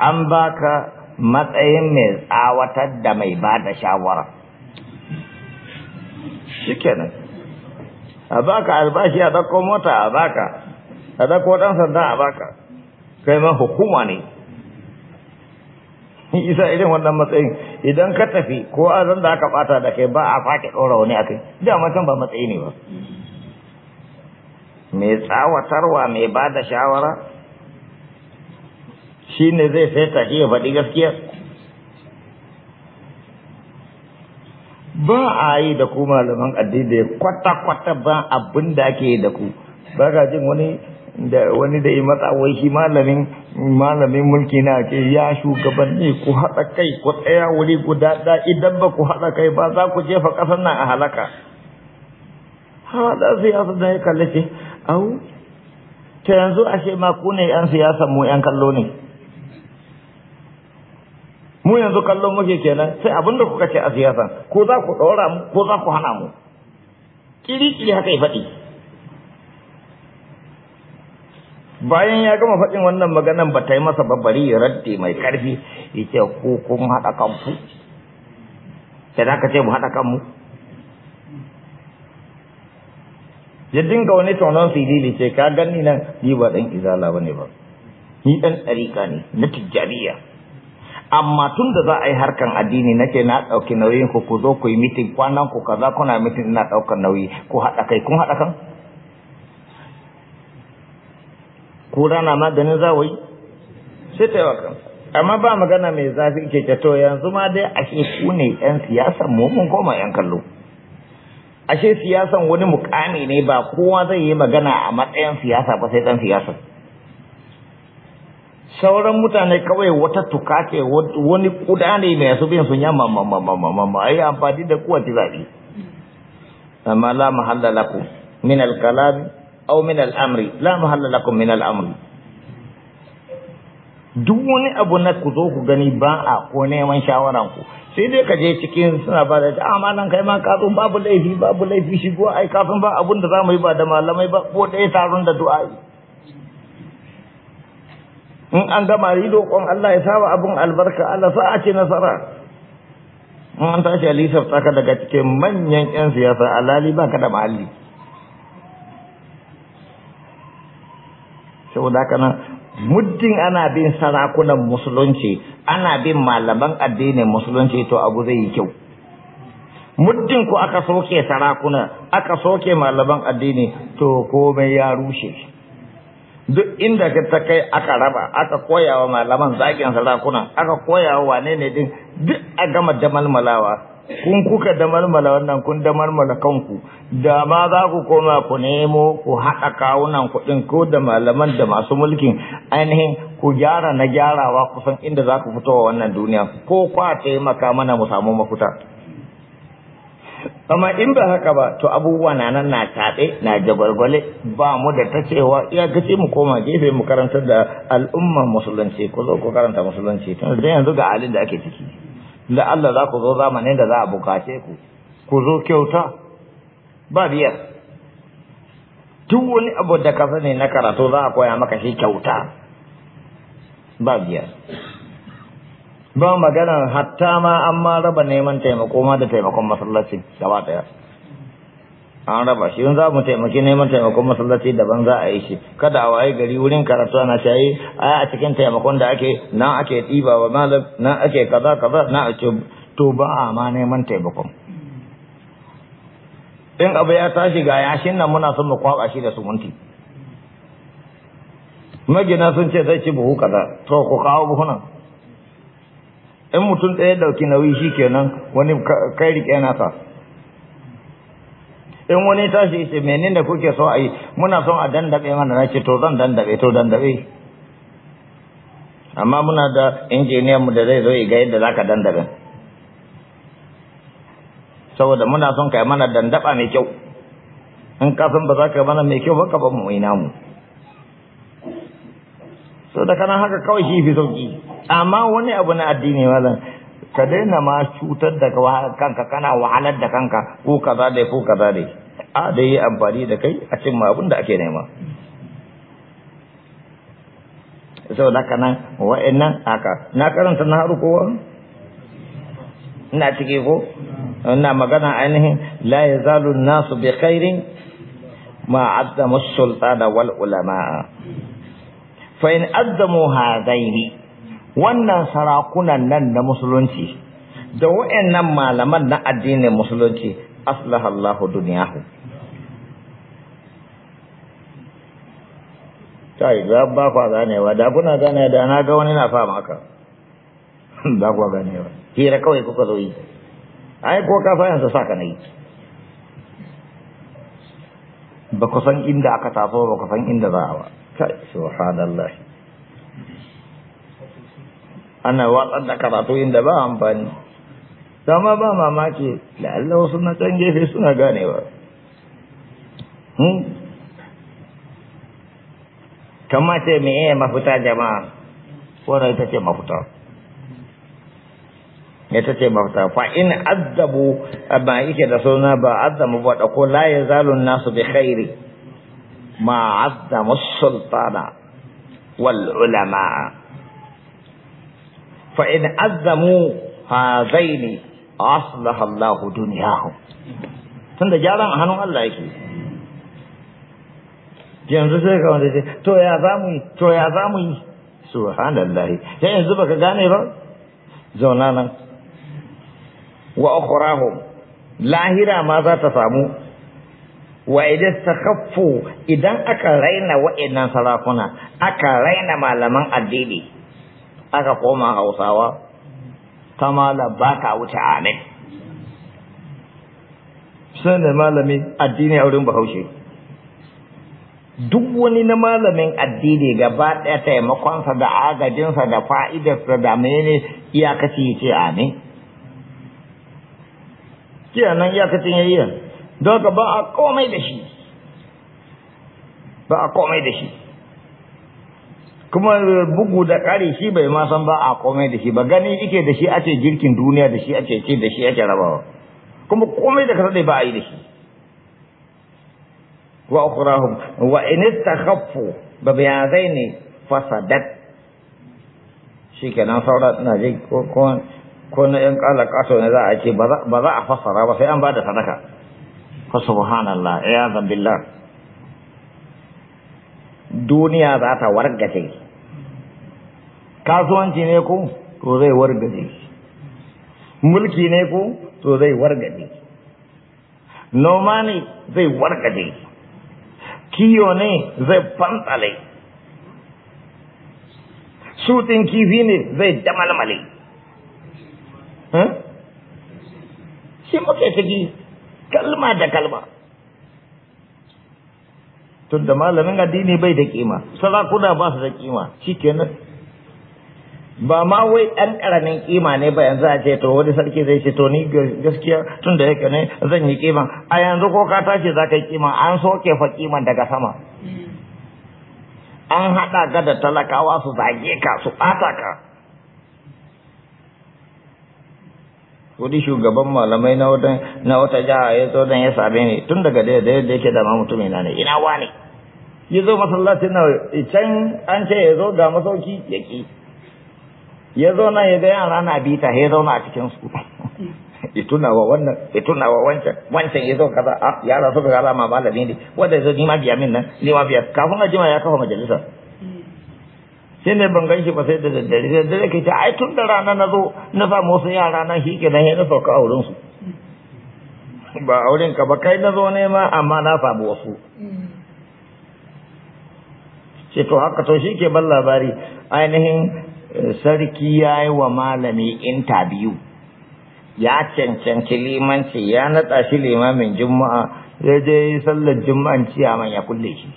an baka matsayin mai tsawatar da mai ba da shawara shi kenan a baka albashi a dako mota a baka a dako ɗan sanda a baka kai ma hukuma ne isa irin wannan matsayin idan ka tafi ko azan da aka bata da kai ba a fake ɗora wani a kai dama can ba matsayi ne ba mai tsawatarwa mai ba da shawara shi ne zai saita shi ya faɗi gaskiya ba a yi da ku malaman addini kwata-kwata ba abin da ake yi da ku ba ga jin wani da wani da yi matsawai shi malamin malamin mulki na ke ya shugaban ne ku haɗa kai ku tsaya wuri guda da idan ba ku haɗa kai ba za ku jefa ƙasar nan a halaka haɗa siyasa da ya kalli ce au ta yanzu ashe ma ku ne yan siyasa mu yan kallo ne mu yanzu kallon muke kenan sai abin da kuka ce a siyasa ko za ku ɗora mu ko za ku hana mu kiri-kiri haka ya faɗi bayan ya gama faɗin wannan maganan ba ta yi masa babbari ya radde mai ƙarfi ya ce ko kun haɗa kanku sai za ka ce mu haɗa kanmu ya dinga wani tonon filili ce ka gani nan ni ba ɗan izala ba ne ba ni ɗan ɗarika ne na tijjariya amma tun da za a yi harkan addini nake na ɗauki nauyin ku ku zo ku yi mitin kwanan ku kaza kuna mitin ina ɗaukar nauyi ku haɗa kai kun haɗa kan ku rana maganin wai? sai ta yawa kan amma ba magana mai zafi ke to yanzu ma dai ashe ku ne yan siyasa mu mun koma yan kallo ashe siyasan wani mukami ne ba kowa zai yi magana a matsayin siyasa ba sai dan siyasa Sauran mutane kawai wata tuka ce wani kuda ne mai su biyan sun yamma mamma ai amfani da kuwa ci zaɓi amma la mahalla laku min al-kalam aw min al-amri la mahalla laku min al-amri duk wani abu na ku zo ku gani ba a ko neman shawaran ku sai dai ka je cikin suna ba da ta ah, amma nan kai ma ka babu laifi babu laifi shigo ai kafin ba abun da za mu yi ba da malamai ba ko ɗaya tarun da du'a'i in an gama yi roƙon Allah ya sawa abun albarka Allah sa a ce nasara in an tashi a lisafta tsaka daga cikin manyan 'yan siyasa alali ba ka da mahalli saboda haka nan muddin ana bin sarakunan musulunci ana bin malaman addinin musulunci to abu zai yi kyau muddin ko aka soke sarakuna aka soke malaman addini to komai ya rushe duk inda ka ta kai aka raba aka koya wa malaman zakin sarakuna aka koya wa wane ne din duk a gama malmalawa kun kuka malmala wannan kun malmala kanku da ma za ku koma ku nemo ku haɗa kawunan kuɗin ko da malaman da masu mulkin ainihin ku gyara na gyarawa kusan inda za ku fito wa wannan duniya ko kwa taimaka mana mu samu mafuta. amma in ba haka ba to abubuwa na nan na taɗe na jabargwale ba mu da ta cewa ya gace mu koma gefe mu karantar da al'umma musulunci ko zo ku karanta musulunci tun da yanzu ga halin da ake ciki da Allah za ku zo zamanin da za a bukace ku ku zo kyauta ba biyar duk wani abu da ka sani na karatu za a koya maka shi kyauta ba biyar ba magana hatta ma an ma raba neman taimako ma da taimakon masallaci gaba daya an raba shi yanzu za mu taimaki neman taimakon masallaci daban za a yi shi kada a waye gari wurin karatu ana shayi a a cikin taimakon da ake nan ake ɗiba wa malam nan ake kaza kaza na ake to ba a ma neman taimakon in abu ya tashi ga yashin nan muna son mu kwaba shi da sumunti magina sun ce zai ci buhu kaza to ku kawo buhunan in mutum ɗaya ɗauki nauyi shi kenan wani kai riƙe nasa in wani tashi ce mene da kuke so a yi muna son a dandaɓe mana na ce to zan dandaɓe to dandaɓe amma muna da injiniyan mu da zai zo ga yadda zaka dandaɓe saboda muna son kai mana dandaɓa mai kyau in ka ba za ka mana mai kyau ba ka ba mu ina mu so da kana haka kawai shi fi sauki amma wani abu na addini malam ka daina ma cutar da kanka kana wahalar da kanka ko za dai ko za dai a da yi amfani da kai a cin abin da ake nema saboda da nan wa'annan haka na karanta na haru kowa ina cike ko ina magana ainihin la yazalu nasu bi khairin ma'adda musulta sultana wal ulama'a fa in azzamu hadaini wannan sarakunan nan na musulunci da wayannan malaman na addinin musulunci aslaha Allahu duniyahu tai ga ba kwa ganewa da kuna gane da na ga wani na fama haka ba kwa ganewa hira kawai kuka zo yi ai ko ka fayansa ka na yi ba ku san inda aka taso ba ku san inda za a ba kai subhanallah ana watsar da karatu inda ba amfani sama ba mamaki da Allah wasu na can gefe suna ganewa hmm? kamata me ya mafita jama'a wannan ita ce mafita ta ce mafita fa in azzabu ba yake da suna ba azzamu ba da ko la zalun nasu bi khairi ما عظم السلطان والعلماء فإن عظموا هذين أصلح الله دنياهم tunda gyaran a hannun Allah yake yanzu sai ka wanda ce to ya za mu yi to ya za mu yi subhanallahi sai yanzu baka gane ba zauna nan wa ukhrahum lahira ma za ta samu wa idan takaffu idan aka raina wa'annan sarakuna aka raina malaman addini aka koma Hausawa ta mala ba ka wuce amin sun da malami addini a wurin Bahaushe duk wani na malamin addini gaba ɗaya taimakonsa da agajinsa da fa'idarsa da mene iyakaci ya ce amin. Kiyanan iyakacin yayyar. don ka ba a komai da shi ba a komai da shi kuma bugu da ƙari shi bai ma san ba a komai da shi ba gani ike da shi ake girkin duniya da shi ake ce da shi ake rabawa kuma komai da kasar ba a yi da shi wa ukhrahum wa inista istakhaffu ba bayazaini fasadat shi saura ina ji ko ko ko na yan kala kaso ne za a ce ba za a fasara ba sai an ba da sadaka subhanallah ya zambillah duniya za ta wargaje kasuwanci ne ku to zai wargaje mulki ne ku to zai wargaje noma ne zai wargaje kiyo ne zai fantsale shutin kifi ne zai damalmale shi muke ta ji kalma da kalma tun da malamin addini bai da kima sarakuna ba su da kima shikenan ba ma wai ɗan ƙaramin kima ne ba yanzu a ce to wani sarki zai ce to ni gaskiya tun da yake ne zan yi kima a yanzu ko ka tashi za ka yi kima an soke fa kima daga sama mm. an haɗa ga da talakawa su zage ka su ɓata ka wani shugaban malamai na wata na wata jaha ya zo dan ya same ni tun daga da da yake da ma mutum ina ne ina wani ya zo masallaci na can an ce ya zo ga masauki ya ki ya zo na ya ga yara na ta ya zauna a cikin su ya tuna wa wannan ya tuna wa wancan wancan ya zo kaza a ah, yara suka gara ma malami ne wanda ya zo ni ma biya min nan ni ma biya kafin a jima ya kafa majalisa sai ne ban ganshi ba sai da daddare da daddare ke ai tun da rana na zo na wasu yara na shi ke nan sai na sauka auren su ba auren ka ba kai na zo ne ma amma na samu wasu sai to haka to shi ke ban labari ainihin eh, sarki ya yi wa malami intabiyu ya cancanci limanci ya naɗa shi limamin juma'a ya je sallar juma'an ciyaman ya kulle shi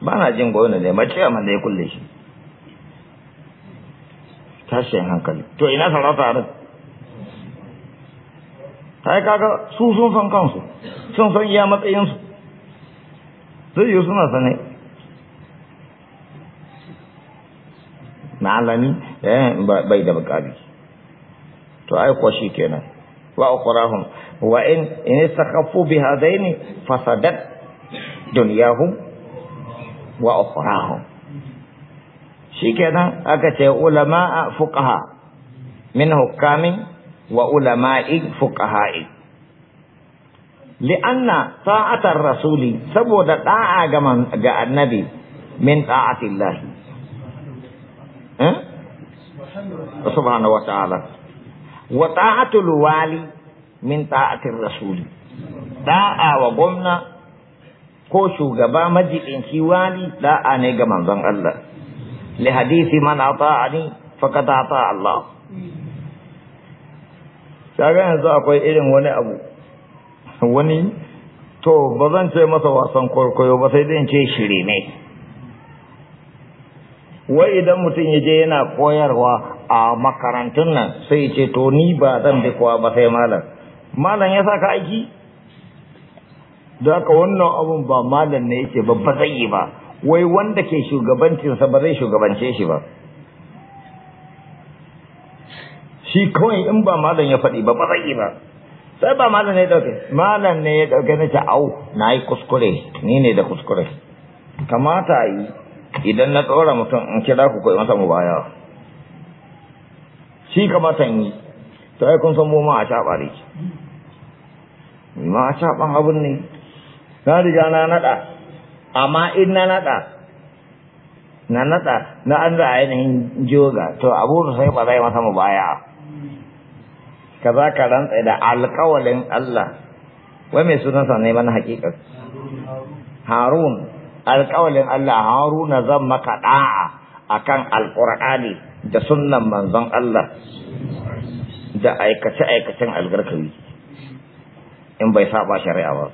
ba na jin gwamna ne mace a man da ya kulle shi tashin hankali to ina sarauta a ta yi kaga su sun san kansu sun san iya matsayinsu zai yi suna sanai malami eh, bai da bukari to ai shi kenan wa ukurahum wa in in sakafu bi hadaini fasadat dunyahum وأفراهم شكنا أكت علماء فقهاء من حكام وعلماء فقهاء لأن طاعة الرسول سبود طاعة من جاء النبي من طاعة الله سبحانه وتعالى وطاعة الوالي من طاعة الرسول طاعة وقمنا ko shugaba majibinci wani da'a ne ga manzon Allah li hadisi man ata'ani faqad ata Allah kaga yanzu akwai irin wani abu wani to ba zan ce masa wasan kwaikwayo ba sai zan ce shiri ne wai idan mutum ya je yana koyarwa a makarantun nan sai ce to ni ba zan bi kowa ba sai malam malam ya saka aiki don haka wannan abun ba malam ne yake ba ba zai yi ba wai wanda ke shugabancinsa ba zai shugabance shi ba shi kawai in ba malam ya faɗi ba ba zai yi ba sai ba malam ne ya ɗauke malam ne ya ɗauke na ce au na yi kuskure ni ne da kuskure kamata a yi idan na ɗora mutum in kira ku kai masa mu baya shi kamata in yi to ai kun san mu ma a caɓa ne ma a caɓan abun ne na riga na naɗa amma in na naɗa na nada na an da ainihin joga to abu sai ba zai masa mu baya ka za ka rantsa da alkawalin Allah wai mai sunansa ne mana hakikar harun alkawalin Allah haruna zan maka da'a akan alqur'ani da sunnan manzon Allah da aikace-aikacen algarkawi in bai saba shari'a ba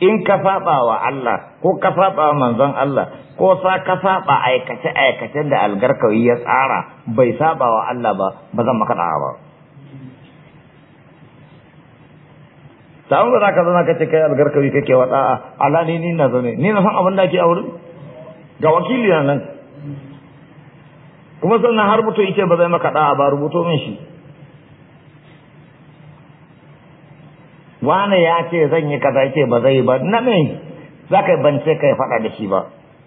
in ka faɓa wa Allah ko ka faɓa wa manzon Allah ko sa ka faɓa aikace aikacen da algarkawi ya tsara bai saba wa Allah ba ba zan maka da'a ba ta wanda za ka zana ka ce kai algarkawi kake wa da'a Allah ne ni na zaune ni na san abin da ake a wurin ga wakili nan kuma sannan har mutum yace ba zai maka da'a ba rubuto min shi wane ya ce zan yi kaza yake ba zai ba na me zaka bance ka faɗa da shi ba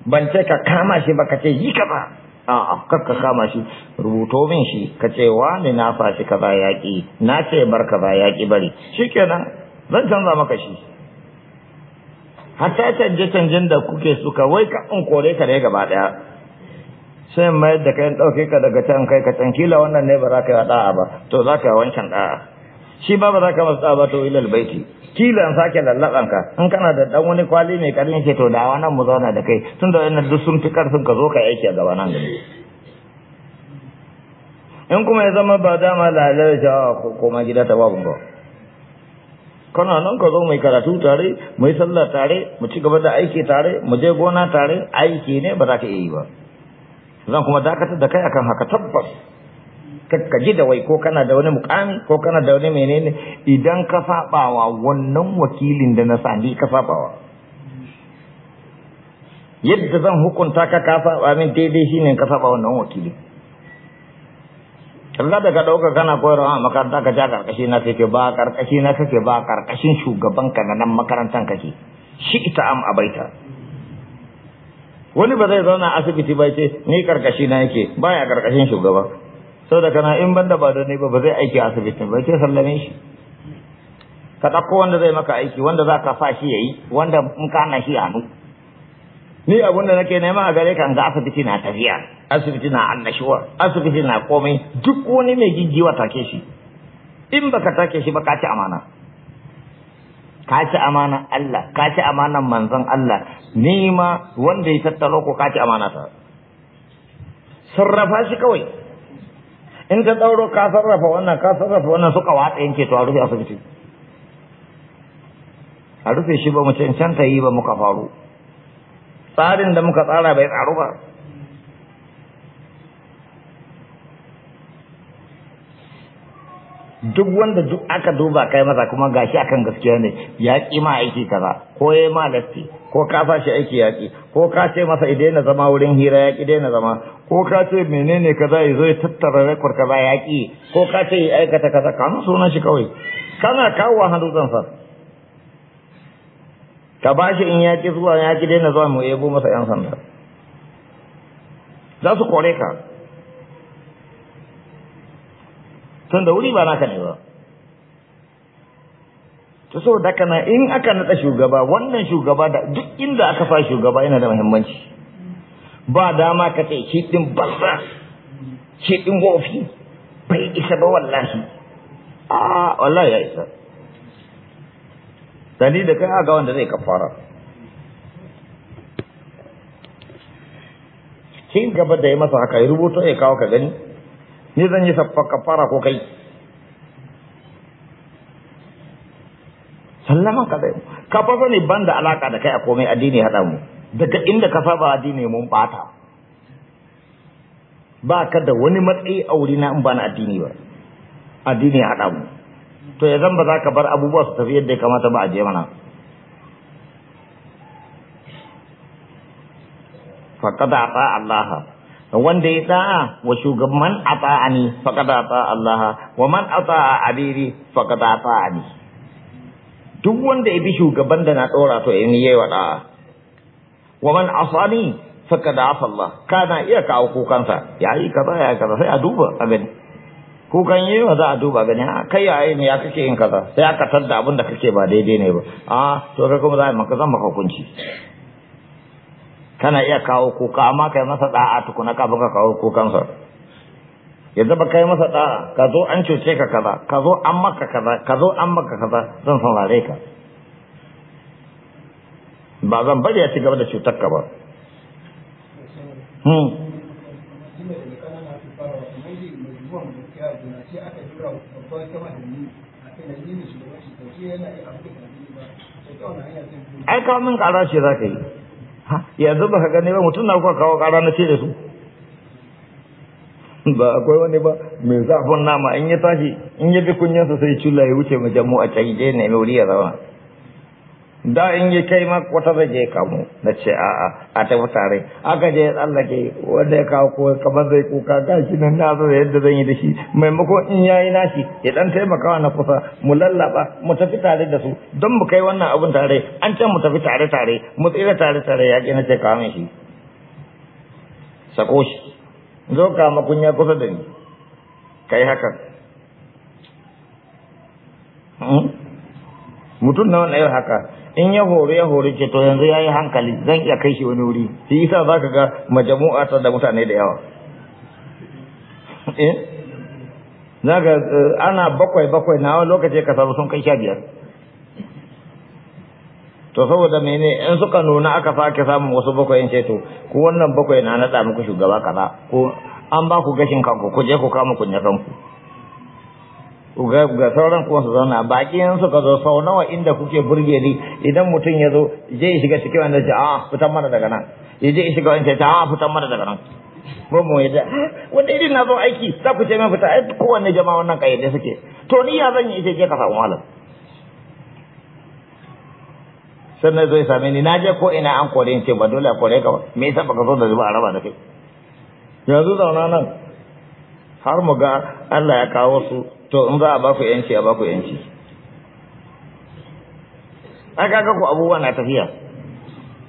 bance ka kama shi ba ka ce yi kaza a kar ka kama shi rubuto min shi ka ce wane na fashi kaza yaƙi na ce bar kaza yaƙi bari shikenan zan canza maka shi hatta canje canjen da kuke suka wai ka in kore ka ne gaba daya sai mayar da kai ɗauke ka daga can kai ka tankila wannan ne ba za ka yi da'a ba to za ka yi wancan da'a shi ba ba za ka matsa ba to ilal baiti kila sake lallakan ka in kana da ɗan wani kwali mai karin ke to da nan mu zauna da kai tun da wannan duk sun fi ka zo ka aiki a gaba nan in kuma ya zama ba dama lalai ah, ko koma gida ta babu ba kana nan ka zo mai karatu tare mu sallah tare mu ci gaba da aiki tare mu je gona tare aiki ne ba za ka iya yi ba zan kuma dakatar da kai akan haka tabbas ka ji da wai ko kana da wani mukami ko kana da wani menene idan ka sabawa wannan wakilin da na sani ka sabawa yadda zan hukunta ka ka saba min daidai shine ka saba wannan wakili Allah daga dauka kana koyarwa a makaranta ka ja karkashi na kake ba karkashi na kake ba karkashin shugaban ka na nan makarantan kake shi ita am abaita wani ba zai zauna asibiti ba ce ni karkashi na yake baya karkashin shugaba sau da kana in banda ba don ne ba ba zai aiki a asibitin ba sai sallame shi ka ɗauko wanda zai maka aiki wanda za ka sa shi ya yi wanda in ka hana shi nu ni abun da nake nema a gare kan ga asibiti na tafiya asibiti na annashuwa asibiti na komai duk wani mai jijjiwa take shi in baka take shi ba ka ci amana ka ci amana Allah ka ci amana manzon Allah nima wanda ya tattalo ko ka ci amana ta sarrafa shi kawai in ta ɗauro ka sarrafa wannan ka sarrafa wannan suka watsa yanke to a rufe asibiti a rufe shi ba mu cancanta yi ba muka faru tsarin da muka tsara bai tsaru ba duk wanda duk aka duba kai masa kuma gashi akan gaskiya ne ya ki ma aiki kaza ko ya ma latti ko ka fashi aiki ya ki ko ka ce masa idai na zama wurin hira ya ki na zama ko ka ce menene kaza ya zo ya tattara rekord kaza ya ki ko ka ce ya aikata kaza kan sunan shi kawai kana kawo hannu zansa ka bashi in ya ki zuwa ya ki daina zuwa mu yabo masa yan sanda za su kore ka tun da wuri ba naka ne ba to so da kana in aka nada shugaba wannan shugaba da duk inda aka fa shugaba yana da muhimmanci ba dama ka ce shi din banza shi din wofi bai isa ba wallahi ah wallahi ya isa dani da kai ga wanda zai kafara kin gaba da yi masa haka ya rubuto ya kawo ka gani ni zan yi saffa kafara ko kai sallama ka dai ka fa sani banda alaka da kai a komai addini hada mu daga inda ka saba addini mun bata ba ka da wani matsayi a wuri na in ba na addini ba addini ya hada mu to ya zan ba za ka bar abubuwa su tafi yadda ya kamata ba a je mana faqad ata Allah wanda ya sa'a wa shugaban ata'ani faqad ata'a Allah wa man ata'a abiri faqad ta'ani duk wanda ya bi shugaban da na dora to in yayi wa da'a wa man asani faqad Allah kana iya kawo kukansa yayi kaza ya kaza sai a duba abin kukan yi wa za a duba gani a kai yayi ne ya kake yin kaza sai aka tadda abin da kake ba daidai ne ba a to kai kuma za a maka zan maka hukunci kana iya kawo kuka amma kai masa da'a tukuna kafin ka kawo kukansa yanzu ba kai masa da'a ka zo an cuce ka kaza ka zo an maka kaza ka zo an maka kaza zan saurare ka ba zan bari ya ci gaba da cutar ka ba hmm. ai kawo min karashi ce za ka yi yanzu baka gani ba mutum na kuka kawo kara na ce da su ba akwai wani ba mai zafin nama in ya tashi in ya bi kunyansa sai cula ya wuce majamu a can je ne wuri ya zama da in yi kai ma wata zai je kamu na ce a'a a tafi tare aka je tsallake wanda ya kawo kowai kamar zai kuka shi nan na zo yadda zan yi da shi maimakon in yayi nashi ya dan taimakawa na kusa mu lallaba mu tafi tare da su don mu kai wannan abun tare an can mu tafi tare tare mu tsira tare tare ya na ce kawo shi sako shi zo ka ya kusa da ni kai haka hmm? mutum na wannan haka in ya hori ya hori ce to yanzu ya yi hankali zan iya kai shi wani wuri shi isa za ka ga majamu'a ta da mutane da yawa eh? za ka eh, ana bakwai bakwai na wani lokaci ka samu sun kai sha biyar to saboda mene in suka nuna aka sake samun wasu bakwai in ce to ku wannan bakwai na naɗa ku shugaba kaza ko an ba ku gashin kanku ku je ku kama kunya kanku ga sauran kuma su zauna bakin suka zo sau nawa inda kuke burge ni idan mutum ya zo je ya shiga cikin wanda ce a ah, fitan mana daga nan ya je ya shiga wanda ce a ah, fitan mana daga nan ko mu ya ah, wanda irin na zo aiki za ku ce min fita ai kowanne jama'a wannan kayyade suke to ni ya zan yi ita ke ka samu malam sannan zo ya same ni na je ko ina an kore ce ba dole a kore ka me yasa baka zo da zuba a raba da kai yanzu zauna nan har mu ga Allah ya kawo su to in za a ba ku yanci a ba ku yanci a kaga ku abubuwa na tafiya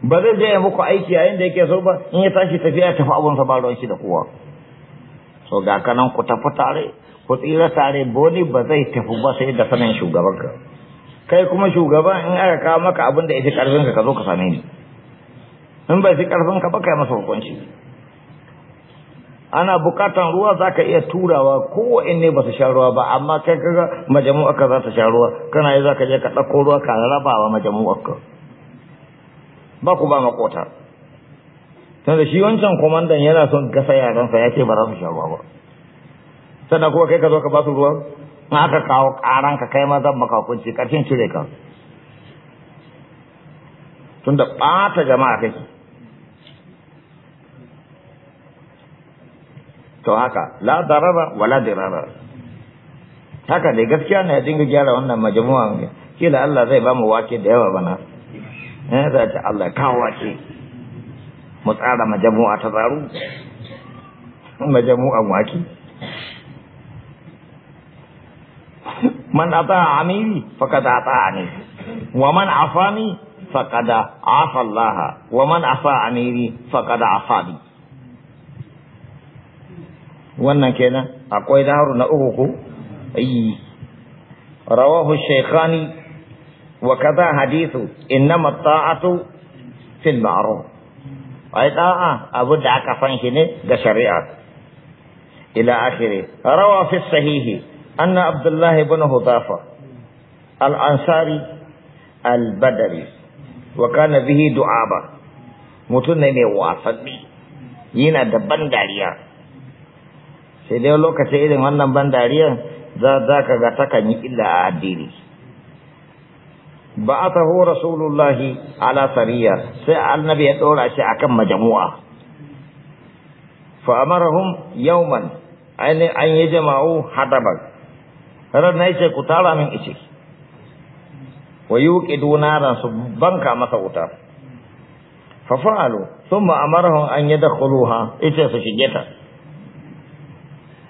ba zai je ya muku aiki yayin da yake so ba in ya tashi tafiya ya tafi abun sa ba ruwan shi da kowa so ga kanan ku tafi tare ku tsira tare boni ba zai tafi ba sai da sanin shugaban ka kai kuma shugaban in aka kawo maka abin da ya fi karfin ka ka zo ka same ni in bai fi karfin ka ba kai masa hukunci ana bukatan ruwa za ka iya turawa ko ne ba su sha ruwa ba amma kai kaga majamu za ta sha ruwa kana yi ka je ka ɗauko ruwa ka wa majamu ka ba ku ba makota tunda shi wancan kwamandan yana son gasa yaransa ya ce ba za su sha ruwa ba sannan kuma kai ka zo ka ba su ruwa in aka kawo karan ka kai ma zan maka hukunci karshen cire ka tunda ɓata jama'a kai to haka la darara wala dirara haka dai gaskiya ne dinga gyara wannan majmu'a ne kila Allah zai ba mu wake da yawa bana eh za ta Allah kawo wake mu tsara majmu'a ta zaru majmu'a wake man ata amili faqad ata ani wa man afani faqad afa Allah wa man afa amili faqad afani wannan kenan akwai daru na uku ko ayi rawahu shaykhani wa kaza hadithu innama ta'atu fil ma'ruf ai da'a abu da aka san shi ne ga shari'a ila akhiri rawa fi sahihi anna abdullah ibn hudafa al ansari al badri wa kana bihi du'aba mutum ne mai wasanni yana da ban dariya sai dai lokacin irin wannan ban dariyar za ka ga takan yi illa a addini ba a taho rasulullahi ala sariya sai annabi ya ɗora shi akan majamu'a fa'amarahum yauman ainihin an yi jama'u hadabar ran na ce ku tara min ice wa yuqidu naran su banka masa wuta fa fa'alu thumma amarahum an yadkhuluha ita su shige ta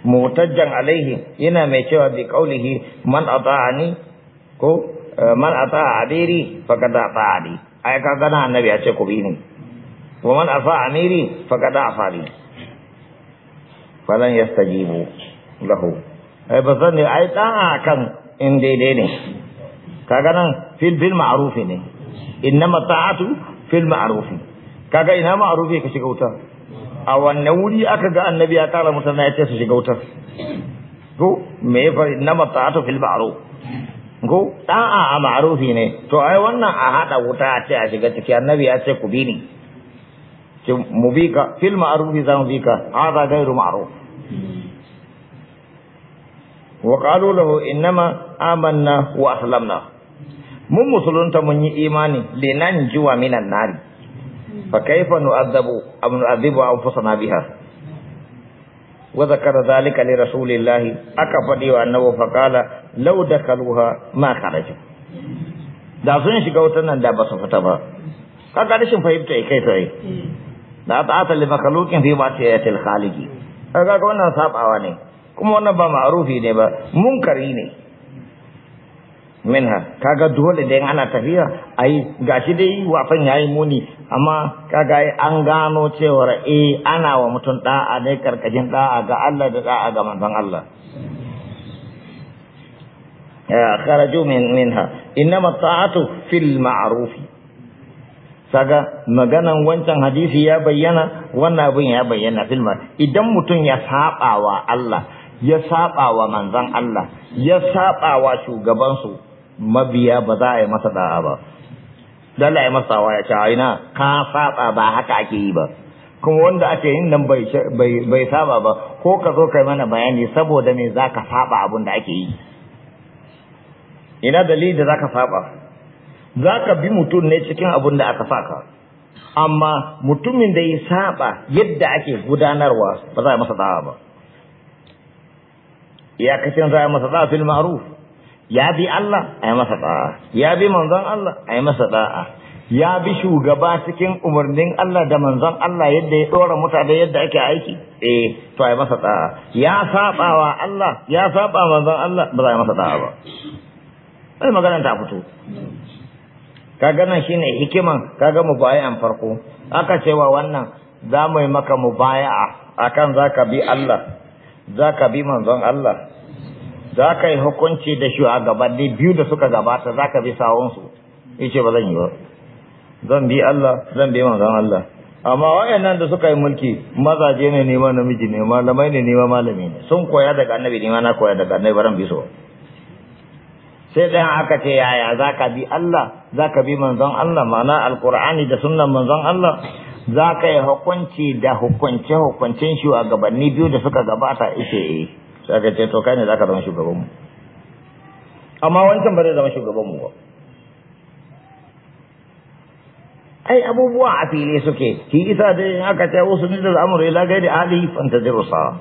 mutajjan alaihi yana mai cewa bi qaulihi man ata'ani ko eh, man ata'a adiri faqad ata'ani ai ka gana annabi ya ce ku bi ni wa man afa amiri faqad afani falan yastajibu lahu ai ba zan ai da'a kan in daidai ne kaga nan fil bil ma'rufi ne innama ta'atu fil ma'rufi kaga ina ma'rufi ka shiga wuta a wanne wuri aka ga annabi ya tara mutane ya ce su shiga wutar to me fari na mata'atu fil ma'ruf ko da'a a ma'rufi ne to ai wannan a hada wuta a ce a shiga ciki annabi ya ce ku bi ni ce mu bi ka fil ma'rufi za mu bi ka hada gairu ma'ruf wa qalu lahu innama amanna wa aslamna mun musulunta mun yi imani linan jiwa minan nari fakaifa nu'adzabu am nu'adzibu anfusana biha wa zakara dhalika li rasulillahi aka faɗi wa annabi fa qala law kaluha ma kharaju da sun shiga wutan nan da ba su fita ba ka ga dashin fahimta kai sai da ta ta li makalukin fi ma tayatil khaliqi kaga ne kuma wannan ba maarufi ne ba munkari ne minha kaga dole dai ana tafiya ai gashi dai wafan yayi muni amma kaga an gano cewa eh ana wa mutum da'a ne karkashin da'a ga Allah da da'a ga manzon Allah ya kharaju min minha inma ta'atu fil ma'ruf kaga maganan wancan hadisi ya bayyana wannan abin ya bayyana filma idan mutum ya saba Allah ya saba wa manzon Allah ya saba wa shugabansu mabiya ba za a yi masa da'a ba dan ya masa waya ce aina ka saba ba haka ake yi ba kuma wanda ake yin nan bai saba ba ko ka zo kai mana bayani saboda me za ka saba abin da ake yi ina dalili da zaka saba zaka bi mutum ne cikin abin da aka saka amma mutumin da ya saba yadda ake gudanarwa ba za a masa da'a ba iyakacin za a masa da'a fil ma'ruf ya bi Allah a yi masa da'a ya bi manzon Allah a yi masa da'a ya bi shugaba cikin umarnin Allah da manzon Allah yadda ya dora mutane yadda ake aiki eh to a yi masa da'a ya saba wa Allah ya saba manzon Allah ba za a yi masa da'a ba sai magana ta fito kaga nan shine hikiman kaga mu bayan farko aka cewa wannan za mu yi maka mubaya'a akan zaka bi Allah zaka bi manzon Allah za ka yi hukunci da a gabanni biyu da suka gabata za ka bi sawunsu yace ba zan yi ba zan bi Allah zan bi manzon Allah amma wayannan da suka yi mulki mazaje ne nema namiji ne malamai ne nema malami ne sun koya daga annabi ne ma na koya daga annabi baran bi so sai dan aka ce yaya za ka bi Allah za ka bi manzon Allah ma'ana alqur'ani da sunnan manzon Allah za ka yi hukunci da hukunce hukuncin gabanni biyu da suka gabata ishe eh sai aka ce to kai ne zaka zama shugaban mu amma wancan ba zai zama shugaban mu ba ai abubuwa a fili suke ki isa dai in aka ce wasu ne da al'amuri la gaidi ali fantaziru sa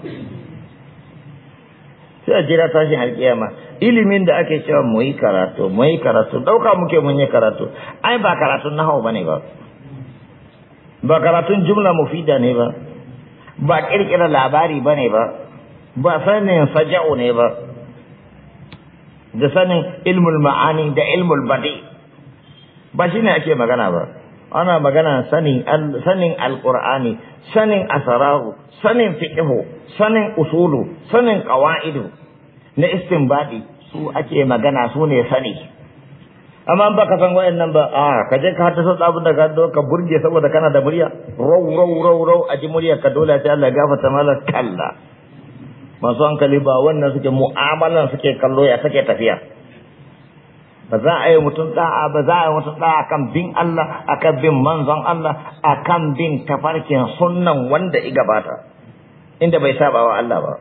sai a tashi tashin alkiyama ilimin da ake cewa mu yi karatu mu yi karatu dauka muke mun yi karatu ai ba na nahawu bane ba ba karatun jumla mufida ne ba ba kirkira labari bane ba ba sanin saja'u ne ba da sanin ilmul ma'ani da ilmul badi ba shine ake magana ba ana magana sanin sanin alqur'ani sanin asarahu sanin fiqhu sanin usulu sanin qawaidu na istinbadi su ake magana su ne sani amma ba ka san wayannan ba a ka je ka taso abin da ka ka burge saboda kana da murya rau rau rau rau a ji murya ka dole sai Allah ya gafarta mala kalla masu hankali ba wannan suke mu'amalan suke kallo ya suke tafiya ba za a yi mutum da'a ba za a yi mutum da'a akan bin Allah akan bin manzon Allah akan bin tafarkin sunnan wanda i gabata inda bai saba wa Allah ba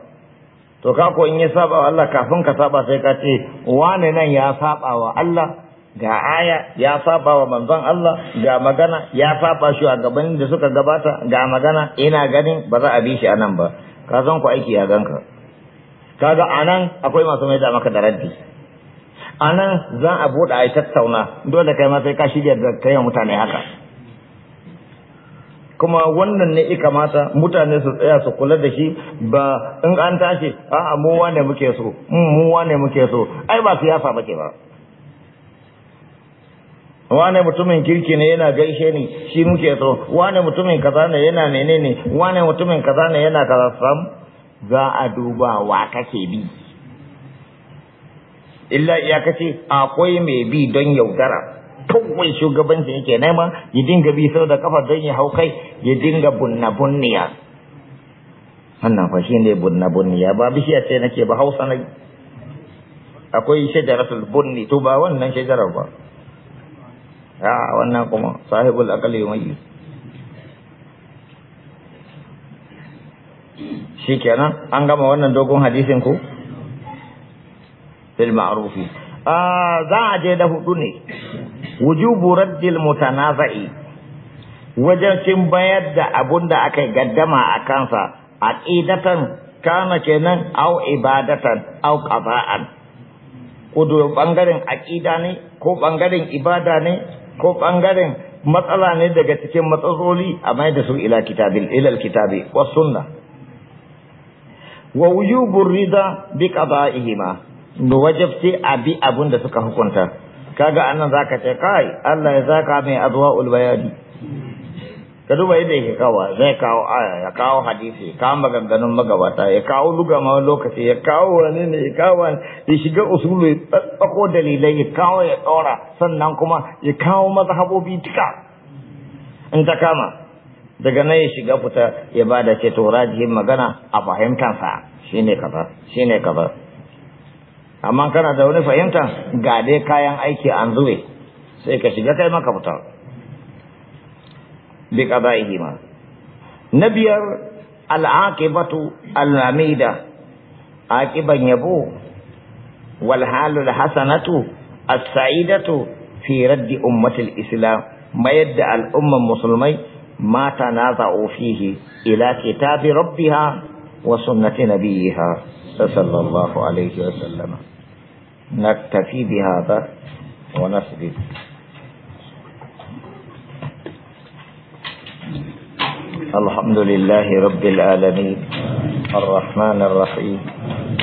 to ka in ya saba wa Allah kafin ka saba sai ka ce wane nan ya saba wa Allah ga aya ya saba wa manzon Allah ga magana ya saba shi a gaban da suka gabata ga magana ina ganin ba za a bi shi anan ba ka zan ku aiki ya ganka kaga anan akwai masu mai da maka da raddi anan za a bude a yi tattauna dole kai ma sai ka shirya da kai mutane haka kuma wannan ne i kamata mutane su tsaya su kula da shi ba in an tashi a'a mu wane muke so mm, mu wane muke so ai ba siyasa ke ba wane mutumin kirki ne yana gaishe ni shi muke so wane mutumin kaza ne yana menene wane mutumin kaza ne yana kaza sam za a duba wa kake bi illa iya kace akwai mai bi don yaudara kawai shugabanci yake nema ya dinga bi sau da kafa don ya hau kai ya dinga bunna bunniya wannan fa shi ne bunna bunniya ba bishiya ce nake ba hausa na akwai shajaratul bunni to ba wannan shajarar ba a ah, wannan kuma sahibul aqli yumayyiz kenan an gama wannan dogon hadisin ku fil ma'rufi ah, za a je da hudu ne wujubu raddil mutanaza'i wajen cin bayar da abun da aka gaddama a kansa a ƙidatan kana kenan au ibadatan au qada'an ko bangaren aqida ne ko bangaren ibada ne ko ɓangaren matsala ne daga cikin matsaloli a mai da su ila kitabil ila kitabi wasu wa wujubur rida bi qada'ihima wajib a abi abun da suka hukunta kaga annan zaka ce kai Allah ya zaka mai adwaul bayani ka duba yadda yake kawa zai kawo aya ya kawo hadisi kawo maganganun magabata ya kawo luga ma lokaci ya kawo wani ne ya kawo ya shiga usulu ya tsatsako dalilai ya kawo ya ɗora sannan kuma ya kawo mazhabobi duka in ta kama daga nan ya shiga fita ya ba da ceto rajihin magana a fahimtansa shi kaza shi ne kaza amma kana da wani fahimta ga dai kayan aiki an zuwe sai ka shiga kai maka fita bi kaza ihima na biyar al'aqibatu al-amida aqiban yabo wal halul hasanatu as-sa'idatu fi raddi ummatil islam mayar da al'umman musulmai ما تنازعوا فيه إلى كتاب ربها وسنة نبيها صلى الله عليه وسلم نكتفي بهذا ونسجد الحمد لله رب العالمين الرحمن الرحيم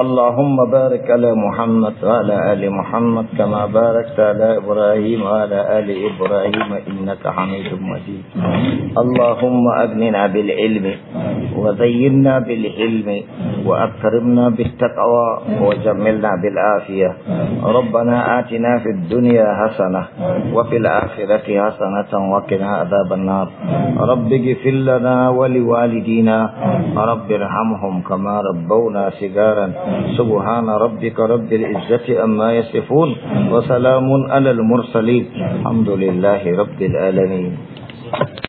اللهم بارك على محمد وعلى آل محمد كما باركت على إبراهيم وعلى آل إبراهيم إنك حميد مجيد اللهم أغننا بالعلم وزينا بالعلم وأكرمنا بالتقوى وجملنا بالعافية ربنا آتنا في الدنيا حسنة وفي الآخرة حسنة وقنا عذاب النار رب اغفر لنا ولوالدينا رب ارحمهم كما ربونا صغارا سبحان ربك رب العزة أما يصفون وسلام على المرسلين الحمد لله رب العالمين